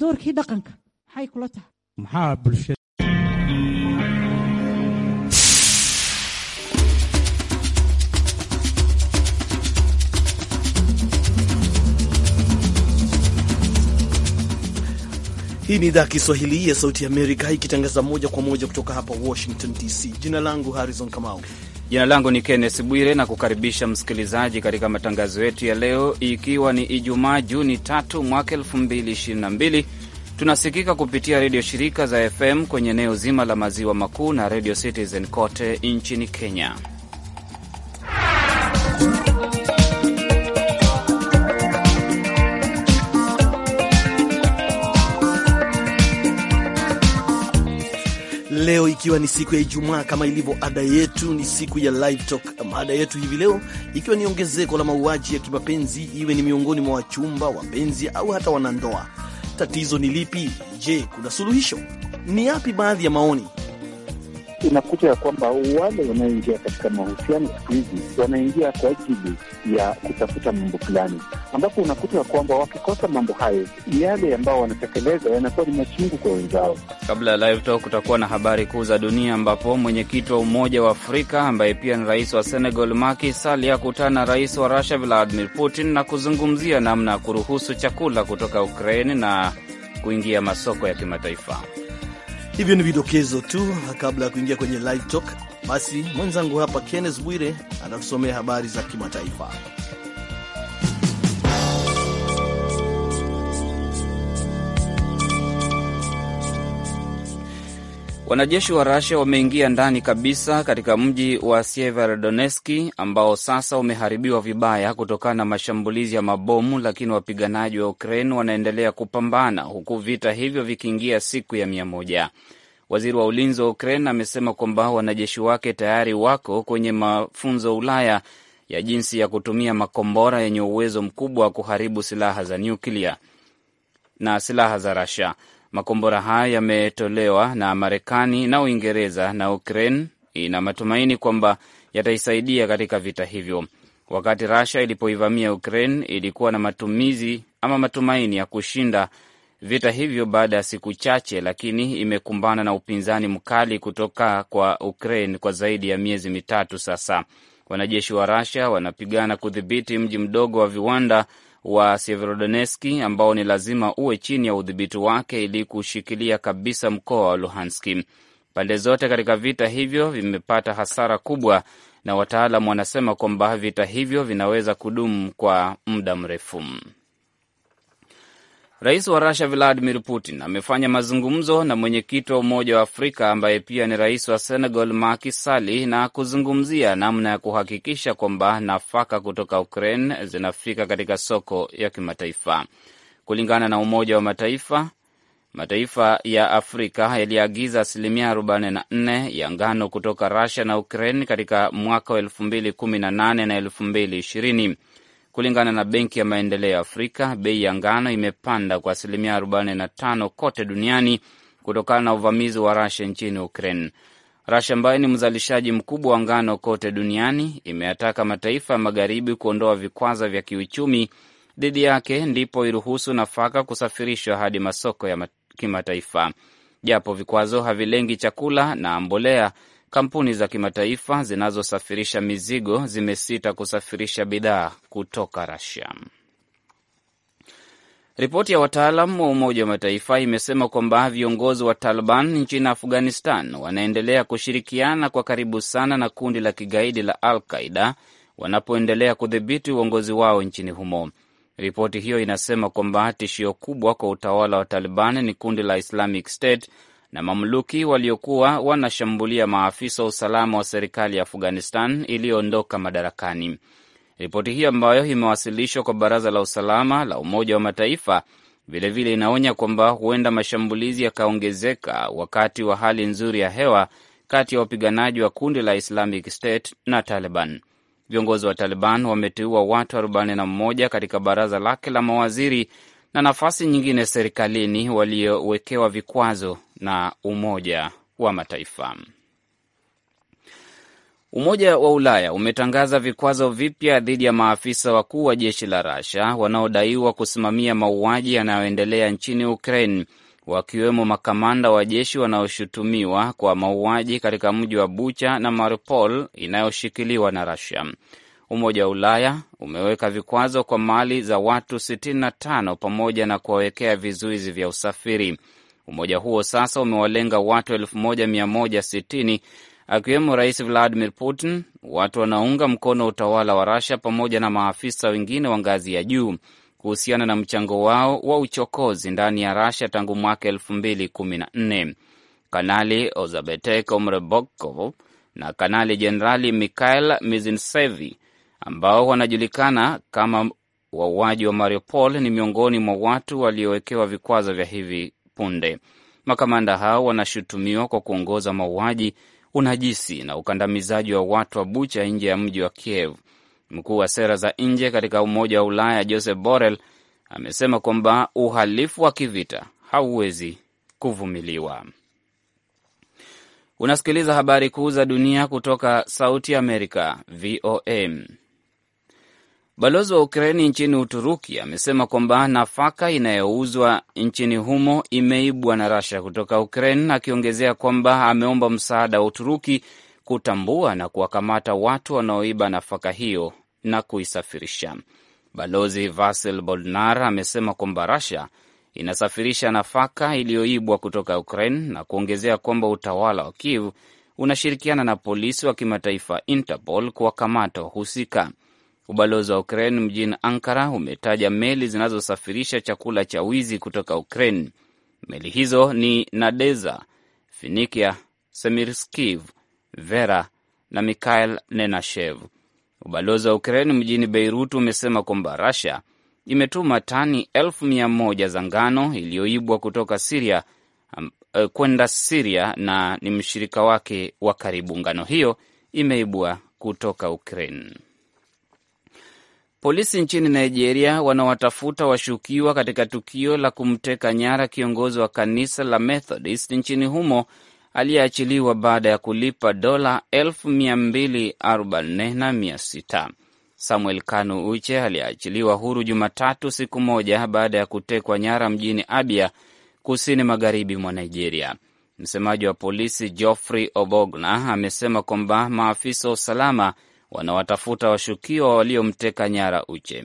doorkii dhaqanka maxay kula tahay maxaa bulshada Hii ni idhaa Kiswahili ya Sauti ya Amerika ikitangaza moja kwa moja kutoka hapa Washington DC. Jina langu Harrison Kamau Jina langu ni Kenneth Bwire na kukaribisha msikilizaji katika matangazo yetu ya leo, ikiwa ni Ijumaa Juni 3 mwaka elfu Tunasikika kupitia redio shirika za FM kwenye eneo zima la maziwa makuu na redio Citizen kote nchini Kenya. leo ikiwa ni siku ya Ijumaa, kama ilivyo ada yetu, ni siku ya live talk. Mada yetu hivi leo ikiwa ni ongezeko la mauaji ya kimapenzi, iwe ni miongoni mwa wachumba, wapenzi au hata wanandoa. Tatizo ni lipi? Je, kuna suluhisho? Ni yapi baadhi ya maoni unakuta ya kwamba wale wanaoingia katika mahusiano siku hizi wanaingia kwa ajili ya kutafuta mambo fulani, ambapo unakuta ya kwamba wakikosa mambo hayo, yale ambao wanatekeleza yanakuwa ni machungu kwa wenzao. Kabla ya live talk, kutakuwa na habari kuu za dunia, ambapo mwenyekiti wa Umoja wa Afrika ambaye pia ni rais wa Senegal Macky Sall akutana na rais wa Russia Vladimir Putin na kuzungumzia namna ya kuruhusu chakula kutoka Ukraine na kuingia masoko ya kimataifa. Hivyo ni vidokezo tu kabla ya kuingia kwenye live talk. Basi mwenzangu hapa Kenneth Bwire anatusomea habari za kimataifa. Wanajeshi wa Rasia wameingia ndani kabisa katika mji wa Sieverodoneski ambao sasa umeharibiwa vibaya kutokana na mashambulizi ya mabomu, lakini wapiganaji wa Ukraine wanaendelea kupambana huku vita hivyo vikiingia siku ya mia moja. Waziri wa ulinzi wa Ukraine amesema kwamba wanajeshi wake tayari wako kwenye mafunzo Ulaya ya jinsi ya kutumia makombora yenye uwezo mkubwa wa kuharibu silaha za nyuklia na silaha za Rasia. Makombora haya yametolewa na Marekani na Uingereza, na Ukraine ina matumaini kwamba yataisaidia katika vita hivyo. Wakati Russia ilipoivamia Ukraine, ilikuwa na matumizi ama matumaini ya kushinda vita hivyo baada ya siku chache, lakini imekumbana na upinzani mkali kutoka kwa Ukraine kwa zaidi ya miezi mitatu sasa. Wanajeshi wa rasia wanapigana kudhibiti mji mdogo wa viwanda wa Severodonetski ambao ni lazima uwe chini ya udhibiti wake ili kushikilia kabisa mkoa wa Luhanski. Pande zote katika vita hivyo vimepata hasara kubwa, na wataalam wanasema kwamba vita hivyo vinaweza kudumu kwa muda mrefu. Rais wa Rusia Vladimir Putin amefanya mazungumzo na mwenyekiti wa Umoja wa Afrika ambaye pia ni rais wa Senegal Macky Sall na kuzungumzia namna ya kuhakikisha kwamba nafaka kutoka Ukraine zinafika katika soko ya kimataifa. Kulingana na Umoja wa Mataifa, mataifa ya Afrika yaliagiza asilimia 44 ya ngano kutoka Rusia na Ukraine katika mwaka wa 2018 na 2020. Kulingana na Benki ya Maendeleo ya Afrika, bei ya ngano imepanda kwa asilimia 45 kote duniani kutokana na uvamizi wa Rusia nchini Ukraine. Rusia ambayo ni mzalishaji mkubwa wa ngano kote duniani imeyataka mataifa ya magharibi kuondoa vikwazo vya kiuchumi dhidi yake, ndipo iruhusu nafaka kusafirishwa hadi masoko ya kimataifa. Japo vikwazo havilengi chakula na mbolea kampuni za kimataifa zinazosafirisha mizigo zimesita kusafirisha bidhaa kutoka Rasia. Ripoti ya wataalam wa Umoja wa Mataifa imesema kwamba viongozi wa Taliban nchini Afghanistan wanaendelea kushirikiana kwa karibu sana na kundi la kigaidi la Al Qaida wanapoendelea kudhibiti uongozi wao nchini humo. Ripoti hiyo inasema kwamba tishio kubwa kwa utawala wa Taliban ni kundi la Islamic State na mamluki waliokuwa wanashambulia maafisa wa usalama wa serikali ya Afghanistan iliyoondoka madarakani. Ripoti hiyo ambayo imewasilishwa kwa Baraza la Usalama la Umoja wa Mataifa vilevile vile inaonya kwamba huenda mashambulizi yakaongezeka wakati wa hali nzuri ya hewa kati ya wapiganaji wa kundi la Islamic State na Taliban. Viongozi wa Taliban wameteua watu 41 katika baraza lake la mawaziri na nafasi nyingine serikalini waliowekewa vikwazo na Umoja wa Mataifa. Umoja wa Ulaya umetangaza vikwazo vipya dhidi ya maafisa wakuu wa jeshi la Rasha wanaodaiwa kusimamia mauaji yanayoendelea nchini Ukraine, wakiwemo makamanda wa jeshi wanaoshutumiwa kwa mauaji katika mji wa Bucha na Mariupol inayoshikiliwa na rasia Umoja wa Ulaya umeweka vikwazo kwa mali za watu 65 pamoja na kuwawekea vizuizi vya usafiri. Umoja huo sasa umewalenga watu 1160 akiwemo Rais Vladimir Putin, watu wanaunga mkono utawala wa Russia pamoja na maafisa wengine wa ngazi ya juu kuhusiana na mchango wao wa uchokozi ndani ya rasia tangu mwaka 2014. Kanali Ozabetek Omrebokov na Kanali Jenerali Mikhail Mizinsevi ambao wanajulikana kama wauaji wa Mariupol ni miongoni mwa watu waliowekewa vikwazo vya hivi punde. Makamanda hao wanashutumiwa kwa kuongoza mauaji, unajisi na ukandamizaji wa watu wa Bucha nje ya mji wa Kiev. Mkuu wa sera za nje katika Umoja wa Ulaya Joseph Borrell amesema kwamba uhalifu wa kivita hauwezi kuvumiliwa. Unasikiliza habari kuu za dunia kutoka Sauti Amerika, VOA. Balozi wa Ukraini nchini Uturuki amesema kwamba nafaka inayouzwa nchini humo imeibwa na Rasha kutoka ukrain akiongezea kwamba ameomba msaada wa Uturuki kutambua na kuwakamata watu wanaoiba nafaka hiyo na kuisafirisha. Balozi Vasil Bolnar amesema kwamba Rasha inasafirisha nafaka iliyoibwa kutoka Ukraine na kuongezea kwamba utawala wa Kiev unashirikiana na polisi wa kimataifa Interpol kuwakamata wahusika. Ubalozi wa Ukraine mjini Ankara umetaja meli zinazosafirisha chakula cha wizi kutoka Ukraine. Meli hizo ni Nadeza, Finikia, Semirskiv, Vera na Mikhail Nenashev. Ubalozi wa Ukraine mjini Beirut umesema kwamba rasia imetuma tani elfu mia moja za ngano iliyoibwa kutoka Siria eh, kwenda Siria na ni mshirika wake wa karibu. Ngano hiyo imeibwa kutoka Ukraine. Polisi nchini Nigeria wanawatafuta washukiwa katika tukio la kumteka nyara kiongozi wa kanisa la Methodist nchini humo aliyeachiliwa baada ya kulipa dola 244,600. Samuel Kanu Uche aliyeachiliwa huru Jumatatu, siku moja baada ya kutekwa nyara mjini Abia, kusini magharibi mwa Nigeria. Msemaji wa polisi Geoffrey Obogna amesema kwamba maafisa wa usalama wanawatafuta washukiwa waliomteka nyara Uche.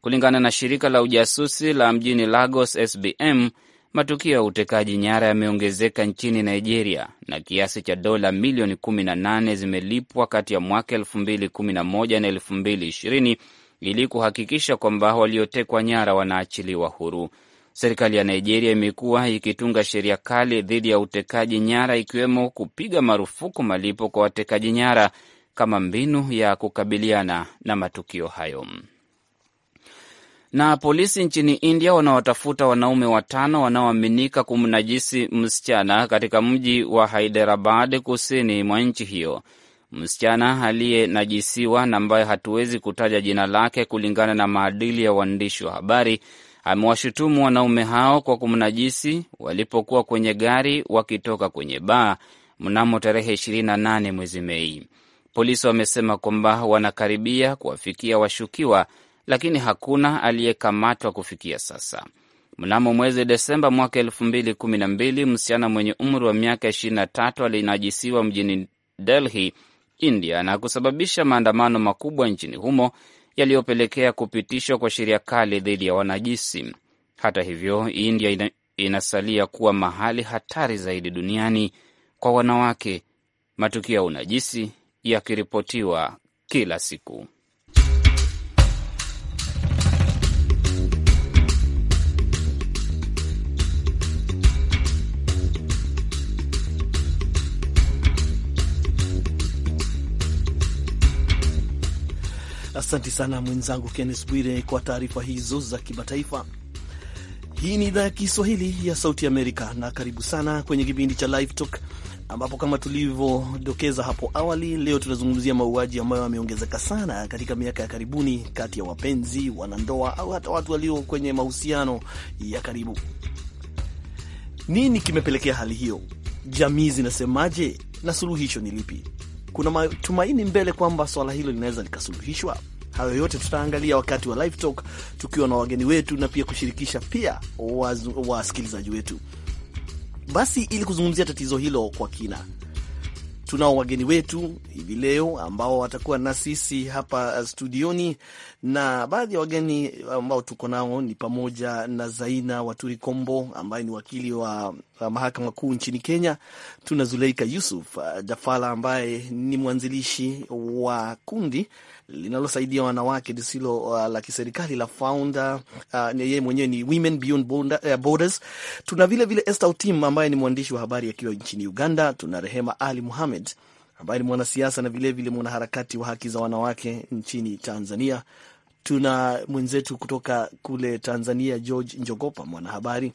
Kulingana na shirika la ujasusi la mjini Lagos, SBM, matukio ya utekaji nyara yameongezeka nchini Nigeria na kiasi cha dola milioni 18 zimelipwa kati ya mwaka 2011 na 2020 ili kuhakikisha kwamba waliotekwa nyara wanaachiliwa huru. Serikali ya Nigeria imekuwa ikitunga sheria kali dhidi ya utekaji nyara, ikiwemo kupiga marufuku malipo kwa watekaji nyara kama mbinu ya kukabiliana na matukio hayo. Na polisi nchini India wanaotafuta wanaume watano wanaoaminika kumnajisi msichana katika mji wa Haiderabad kusini mwa nchi hiyo. Msichana aliyenajisiwa na ambaye hatuwezi kutaja jina lake kulingana na maadili ya waandishi wa habari amewashutumu wanaume hao kwa kumnajisi walipokuwa kwenye gari wakitoka kwenye baa mnamo tarehe 28 mwezi Mei. Polisi wamesema kwamba wanakaribia kuwafikia washukiwa, lakini hakuna aliyekamatwa kufikia sasa. Mnamo mwezi Desemba mwaka elfu mbili kumi na mbili, msichana mwenye umri wa miaka ishirini na tatu alinajisiwa mjini Delhi, India, na kusababisha maandamano makubwa nchini humo yaliyopelekea kupitishwa kwa sheria kali dhidi ya wanajisi. Hata hivyo, India ina, inasalia kuwa mahali hatari zaidi duniani kwa wanawake, matukio ya unajisi yakiripotiwa kila siku. Asante sana mwenzangu Kennes Bwire kwa taarifa hizo za kimataifa. Hii ni idhaa ya Kiswahili ya Sauti Amerika, na karibu sana kwenye kipindi cha Live Talk ambapo kama tulivyodokeza hapo awali, leo tunazungumzia mauaji ambayo yameongezeka sana katika miaka ya karibuni kati ya wapenzi, wanandoa au hata watu walio kwenye mahusiano ya karibu. Nini kimepelekea hali hiyo? Jamii zinasemaje? Na suluhisho ni lipi? Kuna matumaini mbele kwamba swala hilo linaweza likasuluhishwa? Hayo yote tutaangalia wakati wa live talk tukiwa na wageni wetu na pia kushirikisha pia wasikilizaji wetu. Basi ili kuzungumzia tatizo hilo kwa kina, tunao wageni wetu hivi leo ambao watakuwa na sisi hapa studioni na baadhi ya wageni ambao tuko nao ni pamoja na Zaina Waturi Kombo ambaye ni wakili wa mahakama kuu nchini Kenya. Tuna Zuleika Yusuf uh, Jafala ambaye ni mwanzilishi wa kundi linalosaidia wanawake lisilo uh, la kiserikali la Founder. Uh, yeye mwenyewe ni Women Beyond uh, Borders. Tuna vilevile Esther Otim ambaye ni mwandishi wa habari akiwa nchini Uganda. Tuna Rehema Ali Muhamed ambaye ni mwanasiasa na vilevile mwanaharakati wa haki za wanawake nchini Tanzania. Tuna mwenzetu kutoka kule Tanzania, George Njogopa, mwanahabari.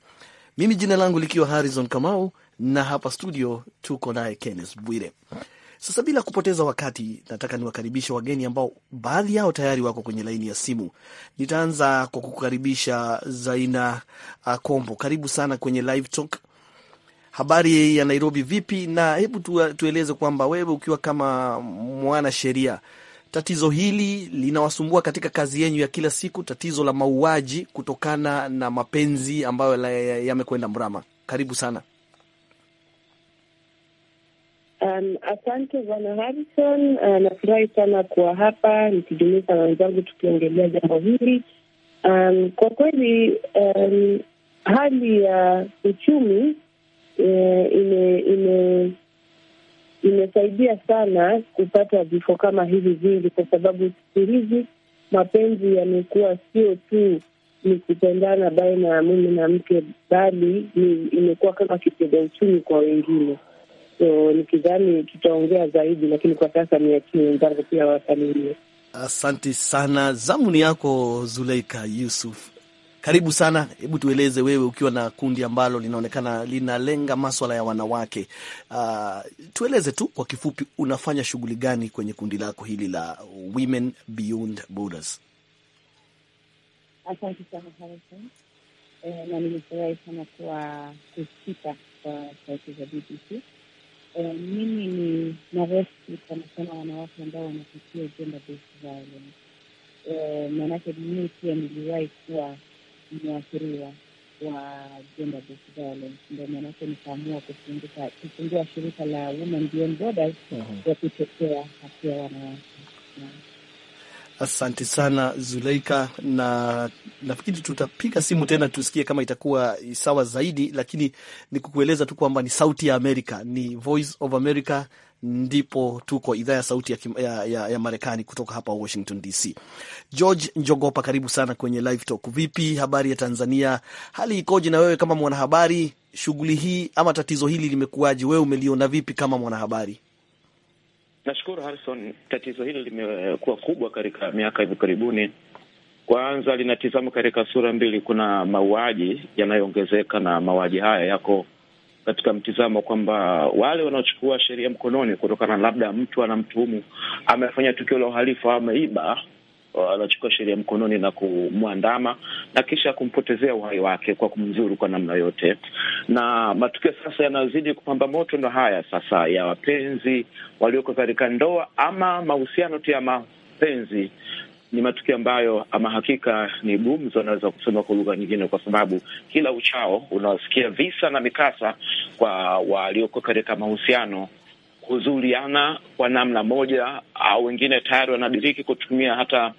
Mimi jina langu likiwa Harrison Kamau, na hapa studio tuko naye Kenneth Bwire. Sasa bila kupoteza wakati, nataka niwakaribishe wageni ambao baadhi yao tayari wako kwenye laini ya simu. Nitaanza kwa kukaribisha Zaina Kombo, karibu sana kwenye Live Talk habari ya Nairobi vipi? Na hebu tueleze kwamba wewe ukiwa kama mwanasheria tatizo hili linawasumbua katika kazi yenyu ya kila siku, tatizo la mauaji kutokana na mapenzi ambayo yamekwenda mrama. Karibu sana. Um, asante bwana Harrison. Uh, nafurahi sana kuwa hapa nikijumuika na wenzangu tukiongelea jambo hili. Um, kwa kweli um, hali ya uchumi E, ime, ime, imesaidia sana kupata vifo kama hivi vingi, kwa sababu siku hizi mapenzi yamekuwa sio tu ni kupendana baina ya mume na mke, bali imekuwa kama kitega uchumi kwa wengine. So nikidhani tutaongea zaidi, lakini kwa sasa niachie wenzangu pia wasalimie. Asanti sana, zamuni yako Zuleika Yusuf. Karibu sana. Hebu tueleze wewe, ukiwa na kundi ambalo linaonekana linalenga maswala ya wanawake, uh, tueleze tu kwa kifupi, unafanya shughuli gani kwenye kundi lako hili la Women Beyond Borders? Asante sana Harison, eh, na nimefurahi sana kuwa kusikika kwa sauti za BBC. Eh, mimi ni narescue sana sana wanawake ambao wanapitia gender based violence, eh, maanake mimi pia niliwahi kuwa mwathiriwa wa gender based violence. Ndio maanake nikaamua kufungua shirika la Women Beyond Borders ya mhm. kutetea haki ya wanawake. Asante sana Zuleika, na nafikiri tutapiga simu tena tusikie kama itakuwa sawa zaidi, lakini ni kukueleza tu kwamba ni Sauti ya Amerika, ni Voice of America ndipo tuko idhaa ya sauti ya, ya, ya, ya Marekani kutoka hapa Washington DC. George Njogopa, karibu sana kwenye Live Talk. Vipi habari ya Tanzania, hali ikoje? Na wewe kama mwanahabari, shughuli hii ama tatizo hili limekuwaje? Wewe umeliona vipi kama mwanahabari? Nashukuru Harrison, tatizo hili limekuwa kubwa katika miaka hivi karibuni. Kwanza linatizama katika sura mbili, kuna mauaji yanayoongezeka na mauaji haya yako katika mtizamo kwamba wale wanaochukua sheria mkononi kutokana labda mtu anamtuhumu amefanya tukio la uhalifu au ameiba, wanachukua sheria mkononi na kumwandama na kisha kumpotezea uhai wake kwa kumzuru kwa namna yote. Na matukio sasa yanazidi kupamba moto, ndo haya sasa ya wapenzi walioko katika ndoa ama mahusiano tu ya mapenzi ni matukio ambayo ama hakika ni gumzo, naweza kusema kwa lugha nyingine, kwa sababu kila uchao unawasikia visa na mikasa kwa walioko katika mahusiano kuzuliana kwa namna moja au wengine tayari wanadiriki kutumia hata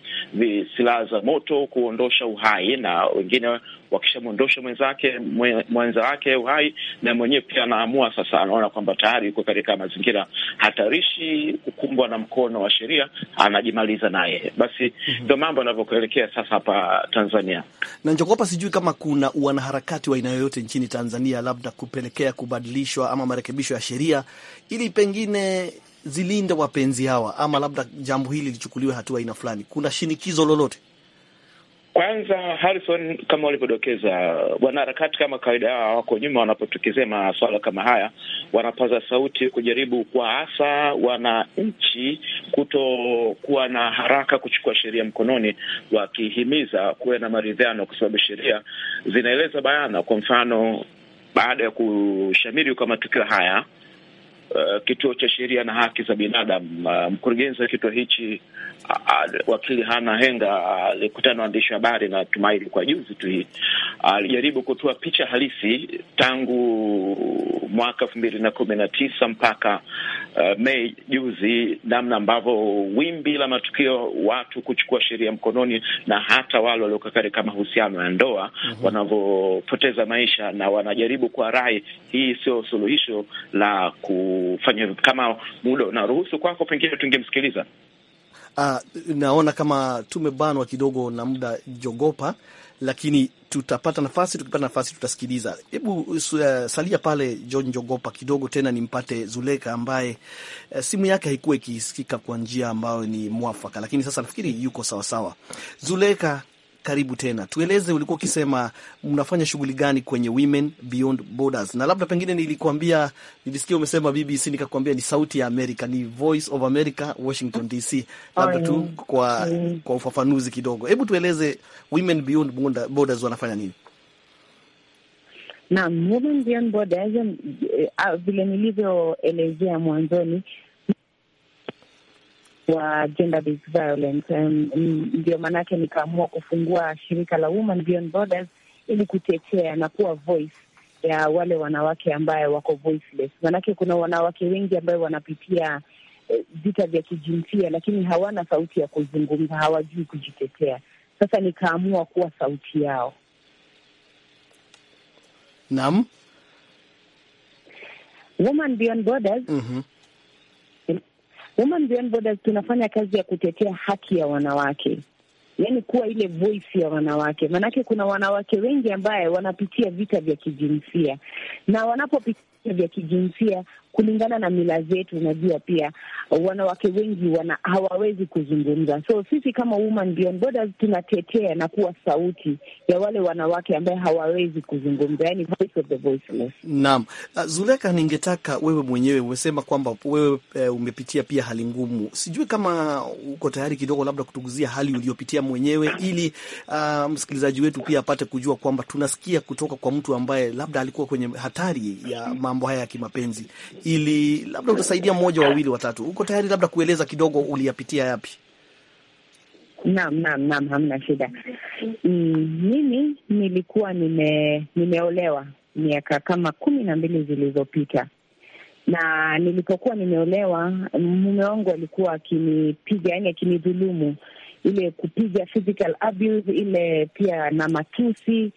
silaha za moto kuondosha uhai, na wengine wakishamwondosha mwenzake mwenza wake uhai, na mwenyewe pia anaamua sasa, anaona kwamba tayari yuko katika mazingira hatarishi kukumbwa na mkono wa sheria, anajimaliza naye. Basi mhm. ndio mambo yanavyokuelekea sasa hapa Tanzania. Na njogopa, sijui kama kuna wanaharakati wa aina yoyote nchini Tanzania, labda kupelekea kubadilishwa ama marekebisho ya sheria ili pengine zilinde wapenzi hawa, ama labda jambo hili lichukuliwe hatua aina fulani. Kuna shinikizo lolote? Kwanza Harrison, kama walivyodokeza wanaharakati, kama kawaida yao, wako nyuma wanapotokezea masuala kama haya, wanapaza sauti kujaribu kwa hasa wananchi kutokuwa na haraka kuchukua sheria mkononi, wakihimiza kuwe na maridhiano, kwa sababu sheria zinaeleza bayana. Kwa mfano, baada ya kushamiri kwa matukio haya Uh, kituo cha sheria na haki za binadamu uh, mkurugenzi wa kituo hichi wakili Hana Henga alikutana na waandishi wa habari na Tumaini kwa juzi tu hii, alijaribu kutoa picha halisi tangu mwaka elfu mbili na kumi na tisa mpaka uh, Mei juzi, namna ambavyo wimbi la matukio watu kuchukua sheria mkononi na hata wale waliokuwa katika mahusiano ya ndoa mm -hmm. wanavyopoteza maisha, na wanajaribu kwa rai hii sio suluhisho la kufanya. Kama muda unaruhusu kwako, pengine tungemsikiliza Uh, naona kama tumebanwa kidogo na muda jogopa, lakini tutapata nafasi, tukipata nafasi tutasikiliza. Hebu uh, salia pale John Jogopa kidogo tena nimpate Zuleka ambaye uh, simu yake haikuwa ikisikika kwa njia ambayo ni mwafaka, lakini sasa nafikiri yuko sawasawa. Zuleka, karibu tena, tueleze ulikuwa ukisema mnafanya shughuli gani kwenye Women Beyond Borders, na labda pengine nilikuambia, nilisikia umesema BBC nikakwambia ni Sauti ya America, ni Voice of America, Washington DC, labda tu kwa, mm. kwa ufafanuzi kidogo, hebu tueleze Women Beyond Borders wanafanya nini? Naam, Women Beyond Borders, eh, ah, vile nilivyoelezea mwanzoni wa gender based violence. Um, ndio maanake nikaamua kufungua shirika la Women Beyond Borders ili kutetea na kuwa voice ya wale wanawake ambaye wako voiceless, maanake kuna wanawake wengi ambayo wanapitia eh, vita vya kijinsia lakini hawana sauti ya kuzungumza, hawajui kujitetea. Sasa nikaamua kuwa sauti yao. Naam, Women Beyond Borders mm -hmm. Women Beyond Borders tunafanya kazi ya kutetea haki ya wanawake, yaani kuwa ile voice ya wanawake, maanake kuna wanawake wengi ambaye wanapitia vita vya kijinsia na wanapopitia vya kijinsia kulingana na mila zetu. Unajua pia wanawake wengi wana, hawawezi kuzungumza, so sisi kama Women Beyond Borders tunatetea na kuwa sauti ya wale wanawake ambaye hawawezi kuzungumza, yani voice of the voiceless. Naam, uh, Zuleka, ningetaka wewe mwenyewe umesema kwamba wewe eh, umepitia pia hali ngumu, sijui kama uko tayari kidogo labda kutuguzia hali uliyopitia mwenyewe ili uh, msikilizaji wetu pia apate kujua kwamba tunasikia kutoka kwa mtu ambaye labda alikuwa kwenye hatari ya mambo haya ya kimapenzi ili labda utasaidia mmoja wawili watatu. Uko tayari labda kueleza kidogo uliyapitia yapi? Naam, naam, naam, hamna shida. Mm, mimi nilikuwa nime- nimeolewa miaka kama kumi na mbili zilizopita, na nilipokuwa nimeolewa mume wangu alikuwa akinipiga, yani akinidhulumu, ile kupiga physical abuse ile, pia na matusi,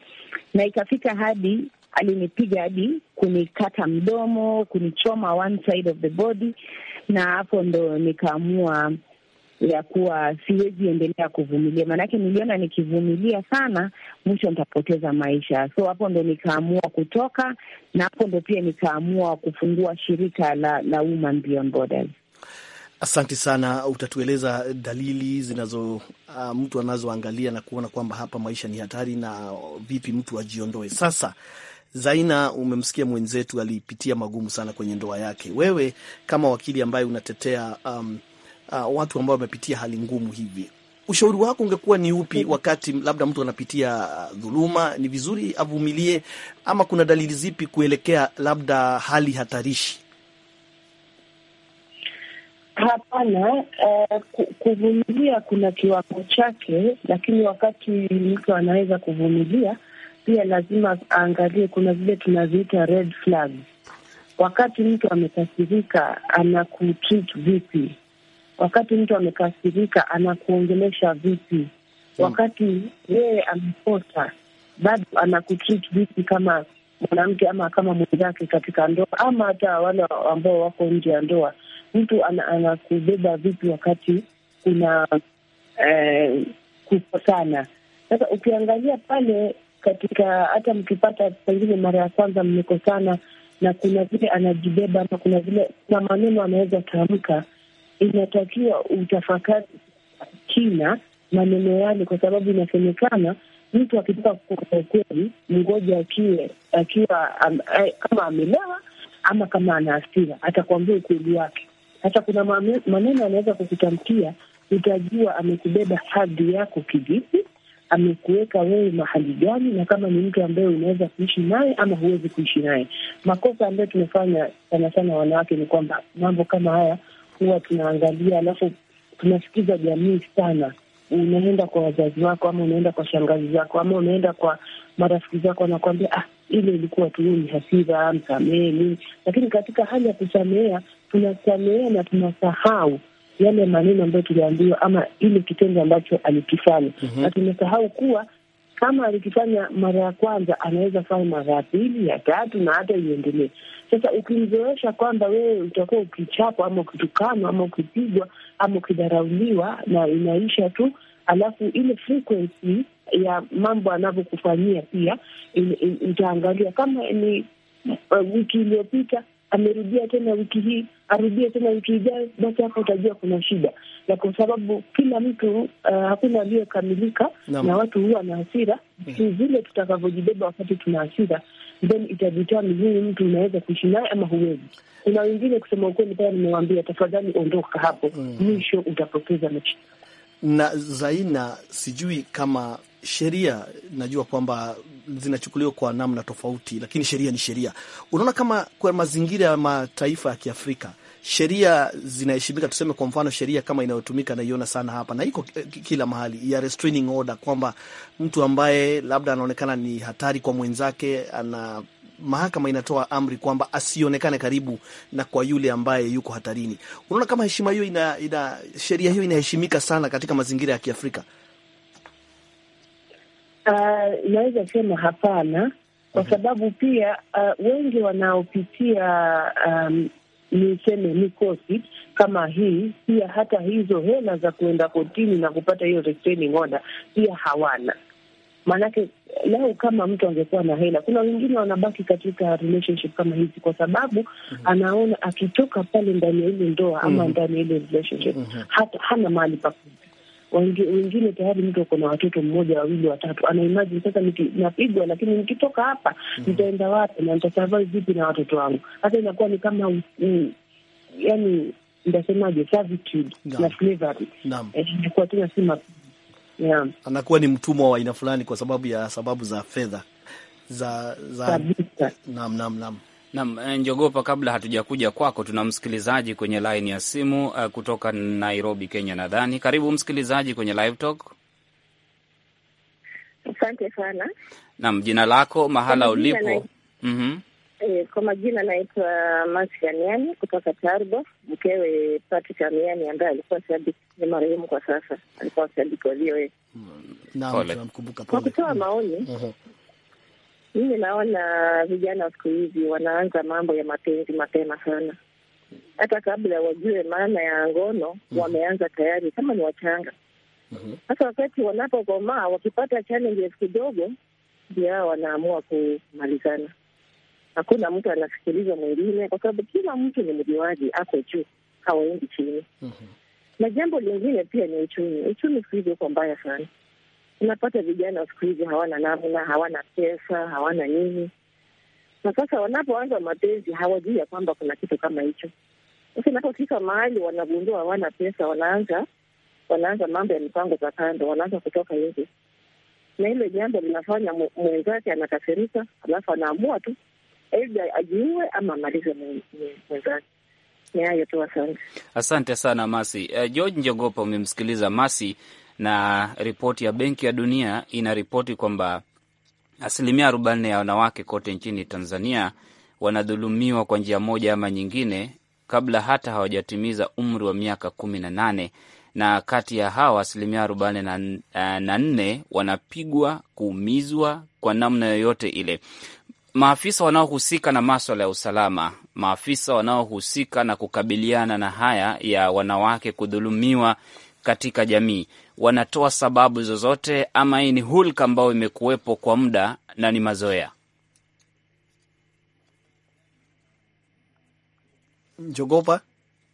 na ikafika hadi alinipiga hadi kunikata mdomo, kunichoma one side of the body, na hapo ndo nikaamua ya kuwa siwezi endelea kuvumilia, maanake niliona nikivumilia sana mwisho nitapoteza maisha. So hapo ndo nikaamua kutoka, na hapo ndo pia nikaamua kufungua shirika la, la Women Beyond Borders. sana. Utatueleza dalili zinazo uh, mtu anazoangalia na kuona kwamba hapa maisha ni hatari na vipi mtu ajiondoe sasa. Zaina, umemsikia mwenzetu, alipitia magumu sana kwenye ndoa yake. Wewe kama wakili ambaye unatetea um, uh, watu ambao wamepitia hali ngumu hivi, ushauri wako ungekuwa ni upi wakati labda mtu anapitia uh, dhuluma? Ni vizuri avumilie, ama kuna dalili zipi kuelekea labda hali hatarishi? Hapana, uh, kuvumilia kuna kiwango chake, lakini wakati mtu anaweza kuvumilia pia lazima aangalie, kuna vile tunaviita red flag. Wakati mtu amekasirika, anakutreat vipi? Wakati mtu amekasirika, anakuongelesha vipi? Wakati yeye amekosa, bado anakutreat vipi kama mwanamke ama kama mwenzake katika ndoa, ama hata wale ambao wako nje ya ndoa. Mtu anakubeba ana vipi wakati kuna eh, kukosana. Sasa ukiangalia pale katika hata mkipata pengine mara ya kwanza mmekosana, na kuna vile anajibeba ama kuna vile na maneno anaweza tamka, inatakiwa utafakari kina maneno yale, kwa sababu inasemekana mtu akitaka kukosa ukweli mngoja akiwe akiwa am, eh, kama amelewa ama kama ana hasira, atakuambia ukweli wake. Hata kuna maneno anaweza kukutamkia, utajua amekubeba hadhi yako kivipi amekuweka wewe mahali gani, na kama ni mtu ambaye unaweza kuishi naye ama huwezi kuishi naye. Makosa ambayo tumefanya sana sana wanawake ni kwamba mambo kama haya huwa tunaangalia, alafu tunasikiza jamii sana. Unaenda kwa wazazi wako ama unaenda kwa shangazi zako ama unaenda kwa marafiki zako, wanakuambia ah, ile ilikuwa tu ni hasira, msamehe nini. Lakini katika hali ya kusamehea, tunasamehea na tunasahau yale maneno ambayo tuliambiwa ama ile kitendo ambacho alikifanya mm -hmm. Na tumesahau kuwa kama alikifanya mara ya kwanza, anaweza fanya mara ya pili, ya tatu na hata iendelee. Sasa ukimzoesha kwamba wewe utakuwa ukichapwa ama ukitukanwa ama ukipigwa ama ukidharauliwa, na inaisha tu, alafu ile frequency ya mambo anavyokufanyia pia itaangalia kama ni uh, wiki iliyopita amerudia tena wiki hii, arudie tena wiki ijayo, basi hapo utajua kuna shida. Na kwa sababu kila mtu uh, hakuna aliyekamilika na watu huwa na hasira yeah. Si vile tutakavyojibeba wakati tuna hasira, then itajitami huyu mtu unaweza kuishi naye ama huwezi. Kuna wengine kusema ukweli, pale nimewambia, tafadhali ondoka hapo, mm. mwisho mm. utapoteza mechi na Zaina, sijui kama sheria najua kwamba zinachukuliwa kwa namna tofauti, lakini sheria ni sheria. Unaona, kama kwa mazingira ya mataifa ya Kiafrika sheria zinaheshimika. Tuseme kwa mfano, sheria kama inayotumika naiona sana hapa na iko kila mahali ya restraining order, kwamba mtu ambaye labda anaonekana ni hatari kwa mwenzake, ana mahakama inatoa amri kwamba asionekane karibu na kwa yule ambaye yuko hatarini. Unaona kama heshima hiyo ina, ina sheria hiyo inaheshimika sana katika mazingira ya Kiafrika. Uh, naweza sema hapana kwa sababu pia uh, wengi wanaopitia um, niseme mikosi kama hii pia hata hizo hela za kuenda kotini na kupata hiyo restraining order pia hawana. Maanake eh, lau kama mtu angekuwa na hela, kuna wengine wanabaki katika relationship kama hizi kwa sababu mm -hmm. anaona akitoka pale ndani ya ile ndoa ama mhm. ndani ya ile relationship mm -hmm. hata hana mahali pa wengine tayari mtu ako na watoto mmoja wawili watatu, anaimajini sasa, napigwa lakini nikitoka hapa mm. nitaenda wapi na nitasurvive vipi na watoto wangu? Hata inakuwa ni kama mm, yani nitasemaje, servitude na slavery eh, inakuwa tena si yeah. Anakuwa ni mtumwa wa aina fulani kwa sababu ya sababu za fedha za za, naam naam naam. Naam, eh, Njogopa, kabla hatujakuja kwako, tuna msikilizaji kwenye laini ya simu uh, kutoka Nairobi, Kenya nadhani. Karibu msikilizaji kwenye Live Talk. Asante sana. Nam, jina lako, mahala ulipo? Na... mm -hmm. E, eh, kwa majina naitwa Masi Amiani kutoka Tarbo, mkewe Patrick Amiani ambaye alikuwa shabiki, ni marehemu kwa sasa, alikuwa shabiki wa VOA. Kwa kutoa maoni mhm. Mimi naona vijana siku hizi wanaanza mambo ya mapenzi mapema sana, hata kabla wajue maana ya ngono mm -hmm. Wameanza tayari kama ni wachanga mhm. sasa mm -hmm. Wakati wanapokomaa wakipata challenges kidogo, ndio hao wanaamua kumalizana. Hakuna mtu anasikiliza mwingine, kwa sababu kila mtu ni mjiwaji ako juu, hawaendi chini mm -hmm. Na jambo lingine pia ni uchumi. Uchumi siku hizi uko mbaya sana Unapata vijana siku hizi hawana namna, hawana pesa, hawana nini, na sasa wanapoanza mapenzi hawajui ya kwamba kuna kitu kama hicho. Sasa inapofika mahali wanagundua hawana pesa, wanaanza wanaanza mambo ya mipango za kando, wanaanza kutoka nje, na hilo jambo linafanya mwenzake anakasirika, alafu anaamua tu aidha ajiue ama amalize mwenzake. Ni hayo tu, asante. Asante sana Masi. Uh, George Njogopa, umemsikiliza Masi na ripoti ya Benki ya Dunia inaripoti kwamba asilimia arobaini ya wanawake kote nchini Tanzania wanadhulumiwa kwa njia moja ama nyingine kabla hata hawajatimiza umri wa miaka kumi na nane na kati ya hawa asilimia arobaini eh, na nne wanapigwa, kuumizwa kwa namna yoyote ile. Maafisa wanaohusika na maswala ya usalama, maafisa wanaohusika na kukabiliana na haya ya wanawake kudhulumiwa katika jamii, wanatoa sababu zozote, ama hii ni hulka ambayo imekuwepo kwa muda na ni mazoea? Njogopa,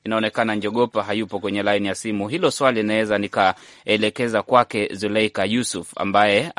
inaonekana Njogopa hayupo kwenye laini ya simu. Hilo swali inaweza nikaelekeza kwake Zuleika Yusuf ambaye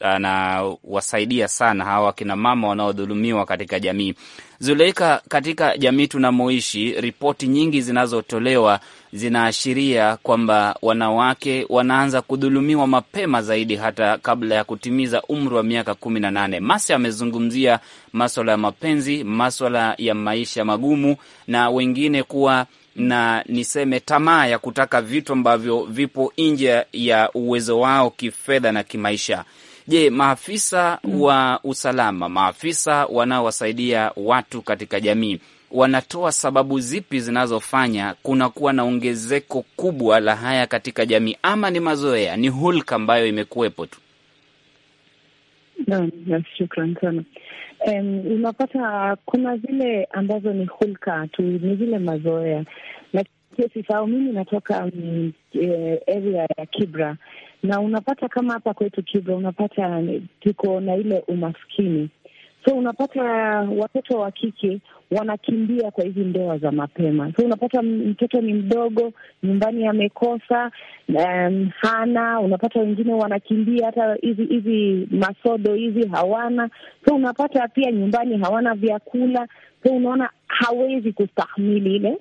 anawasaidia ana sana hawa wakinamama wanaodhulumiwa katika jamii. Zuleika, katika jamii tunamoishi, ripoti nyingi zinazotolewa zinaashiria kwamba wanawake wanaanza kudhulumiwa mapema zaidi hata kabla ya kutimiza umri wa miaka kumi na nane. Masi amezungumzia maswala ya mapenzi, maswala ya maisha magumu, na wengine kuwa na niseme tamaa ya kutaka vitu ambavyo vipo nje ya uwezo wao kifedha na kimaisha. Je, maafisa mm. wa usalama, maafisa wanaowasaidia watu katika jamii wanatoa sababu zipi zinazofanya kunakuwa na ongezeko kubwa la haya katika jamii, ama ni mazoea, ni hulka ambayo imekuwepo tu? Naam, shukran sana. Um, unapata kuna zile ambazo ni hulka tu, ni zile mazoea. Lakini sisahau mimi natoka um, e, area ya Kibra na unapata kama hapa kwetu Cuba unapata tuko na ile umaskini, so unapata watoto wa kike wanakimbia kwa hizi ndoa za mapema. So unapata mtoto ni mdogo, nyumbani amekosa, um, hana. Unapata wengine wanakimbia hata hizi hizi masodo hizi hawana. So unapata pia nyumbani hawana vyakula, so unaona hawezi kustahimili ile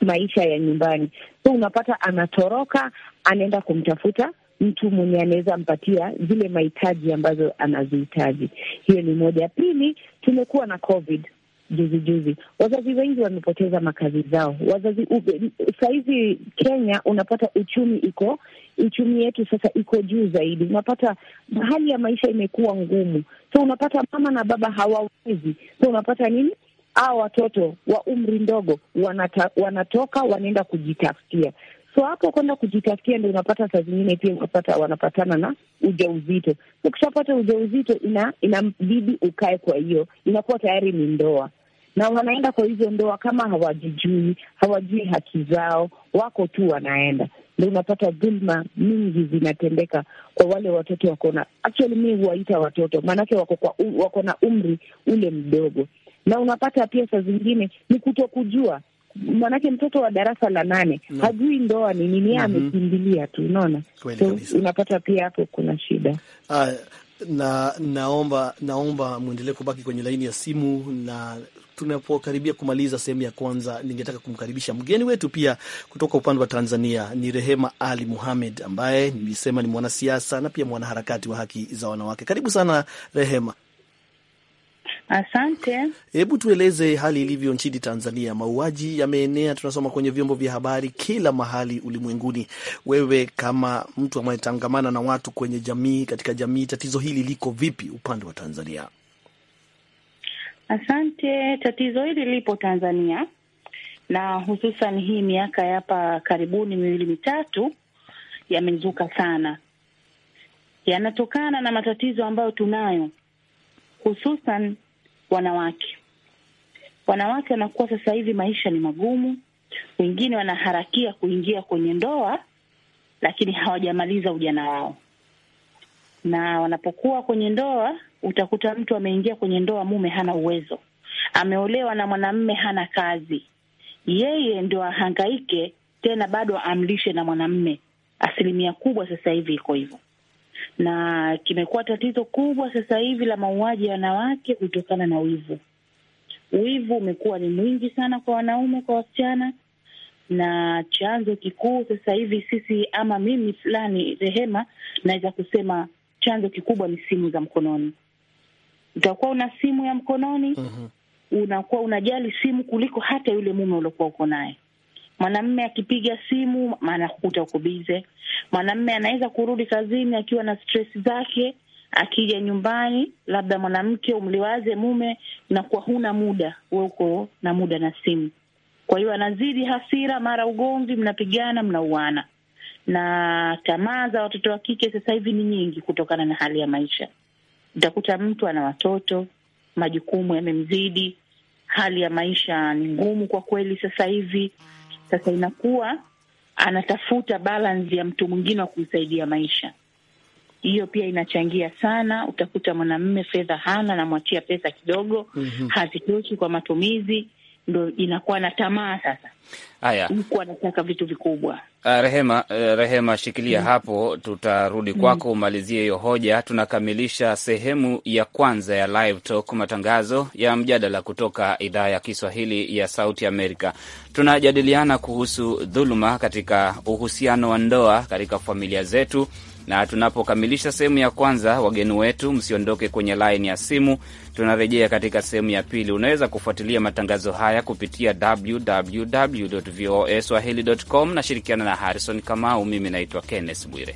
maisha ya nyumbani, so unapata anatoroka, anaenda kumtafuta mtu mwenye anaweza mpatia zile mahitaji ambazo anazihitaji. Hiyo ni moja. Pili, tumekuwa na COVID juzi juzi, wazazi wengi wamepoteza makazi zao. Wazazi sahizi Kenya unapata uchumi iko uchumi yetu sasa iko juu zaidi, unapata hali ya maisha imekuwa ngumu, so unapata mama na baba hawawezi, so unapata nini hawa watoto wa umri ndogo wanata, wanatoka wanaenda kujitafutia. So hapo kwenda kujitafutia, ndo unapata saa zingine pia unapata wanapatana na uja So ukishapata uja ina inabidi ukae, kwa hiyo inakuwa tayari ni ndoa, na wanaenda kwa hizo ndoa kama hawajijui, hawajui haki zao, wako tu wanaenda, ndo unapata dhulma mingi zinatendeka kwa wale watoto wako na actually, mi huwaita watoto, maanake wako kwa wako na umri ule mdogo, na unapata pia saa zingine ni kuto kujua mwanake mtoto wa darasa la nane no. hajui ndoa ni nini, yeye mhm. amekimbilia tu, unaona. So unapata pia hapo kuna shida ah na naomba naomba mwendelee kubaki kwenye laini ya simu, na tunapokaribia kumaliza sehemu ya kwanza, ningetaka kumkaribisha mgeni wetu pia kutoka upande wa Tanzania. Ni Rehema Ali Muhamed ambaye nilisema ni mwanasiasa na pia mwanaharakati wa haki za wanawake. Karibu sana Rehema. Asante. Hebu tueleze hali ilivyo nchini Tanzania. Mauaji yameenea, tunasoma kwenye vyombo vya habari kila mahali ulimwenguni. Wewe kama mtu anayetangamana na watu kwenye jamii, katika jamii, tatizo hili liko vipi upande wa Tanzania? Asante. Tatizo hili lipo Tanzania na hususan hii miaka ya hapa karibuni miwili mitatu yamezuka sana, yanatokana na matatizo ambayo tunayo hususan wanawake. Wanawake wanakuwa sasa hivi maisha ni magumu, wengine wanaharakia kuingia kwenye ndoa, lakini hawajamaliza ujana wao, na wanapokuwa kwenye ndoa utakuta mtu ameingia kwenye ndoa, mume hana uwezo, ameolewa na mwanamme hana kazi, yeye ndio ahangaike tena, bado amlishe na mwanamme. Asilimia kubwa sasa hivi iko hivyo na kimekuwa tatizo kubwa sasa hivi la mauaji ya wanawake kutokana na wivu. Wivu umekuwa ni mwingi sana kwa wanaume, kwa wasichana, na chanzo kikuu sasa hivi sisi, ama mimi fulani Rehema, naweza kusema chanzo kikubwa ni simu za mkononi. Utakuwa una simu ya mkononi, mhm. unakuwa unajali simu kuliko hata yule mume uliokuwa uko naye. Mwanamme akipiga simu kukuta uko bize. Mwanamme anaweza kurudi kazini akiwa na stress zake, akija nyumbani, labda mwanamke umliwaze mume, na kwa huna muda we, uko na muda na simu. Kwa hiyo anazidi hasira, mara ugomvi, mnapigana, mnauana. Na tamaa za watoto wa kike sasa hivi ni nyingi, kutokana na hali ya maisha. Utakuta mtu ana watoto, majukumu yamemzidi, hali ya maisha ni ngumu kwa kweli sasa hivi sasa inakuwa anatafuta balance ya mtu mwingine wa kumsaidia maisha. Hiyo pia inachangia sana. Utakuta mwanamume fedha hana, anamwachia pesa kidogo, mm -hmm. hazitoshi kwa matumizi ndo inakuwa na tamaa sasa. Haya, huku anataka vitu vikubwa. Ah, Rehema, eh, Rehema, shikilia mm hapo, tutarudi mm. kwako umalizie hiyo hoja. Tunakamilisha sehemu ya kwanza ya Live Talk, matangazo ya mjadala kutoka idhaa ya Kiswahili ya Sauti Amerika. Tunajadiliana kuhusu dhuluma katika uhusiano wa ndoa katika familia zetu na tunapokamilisha sehemu ya kwanza, wageni wetu, msiondoke kwenye laini ya simu, tunarejea katika sehemu ya pili. Unaweza kufuatilia matangazo haya kupitia www voa swahili com. Nashirikiana na Harrison Kamau, mimi naitwa Kenneth Bwire.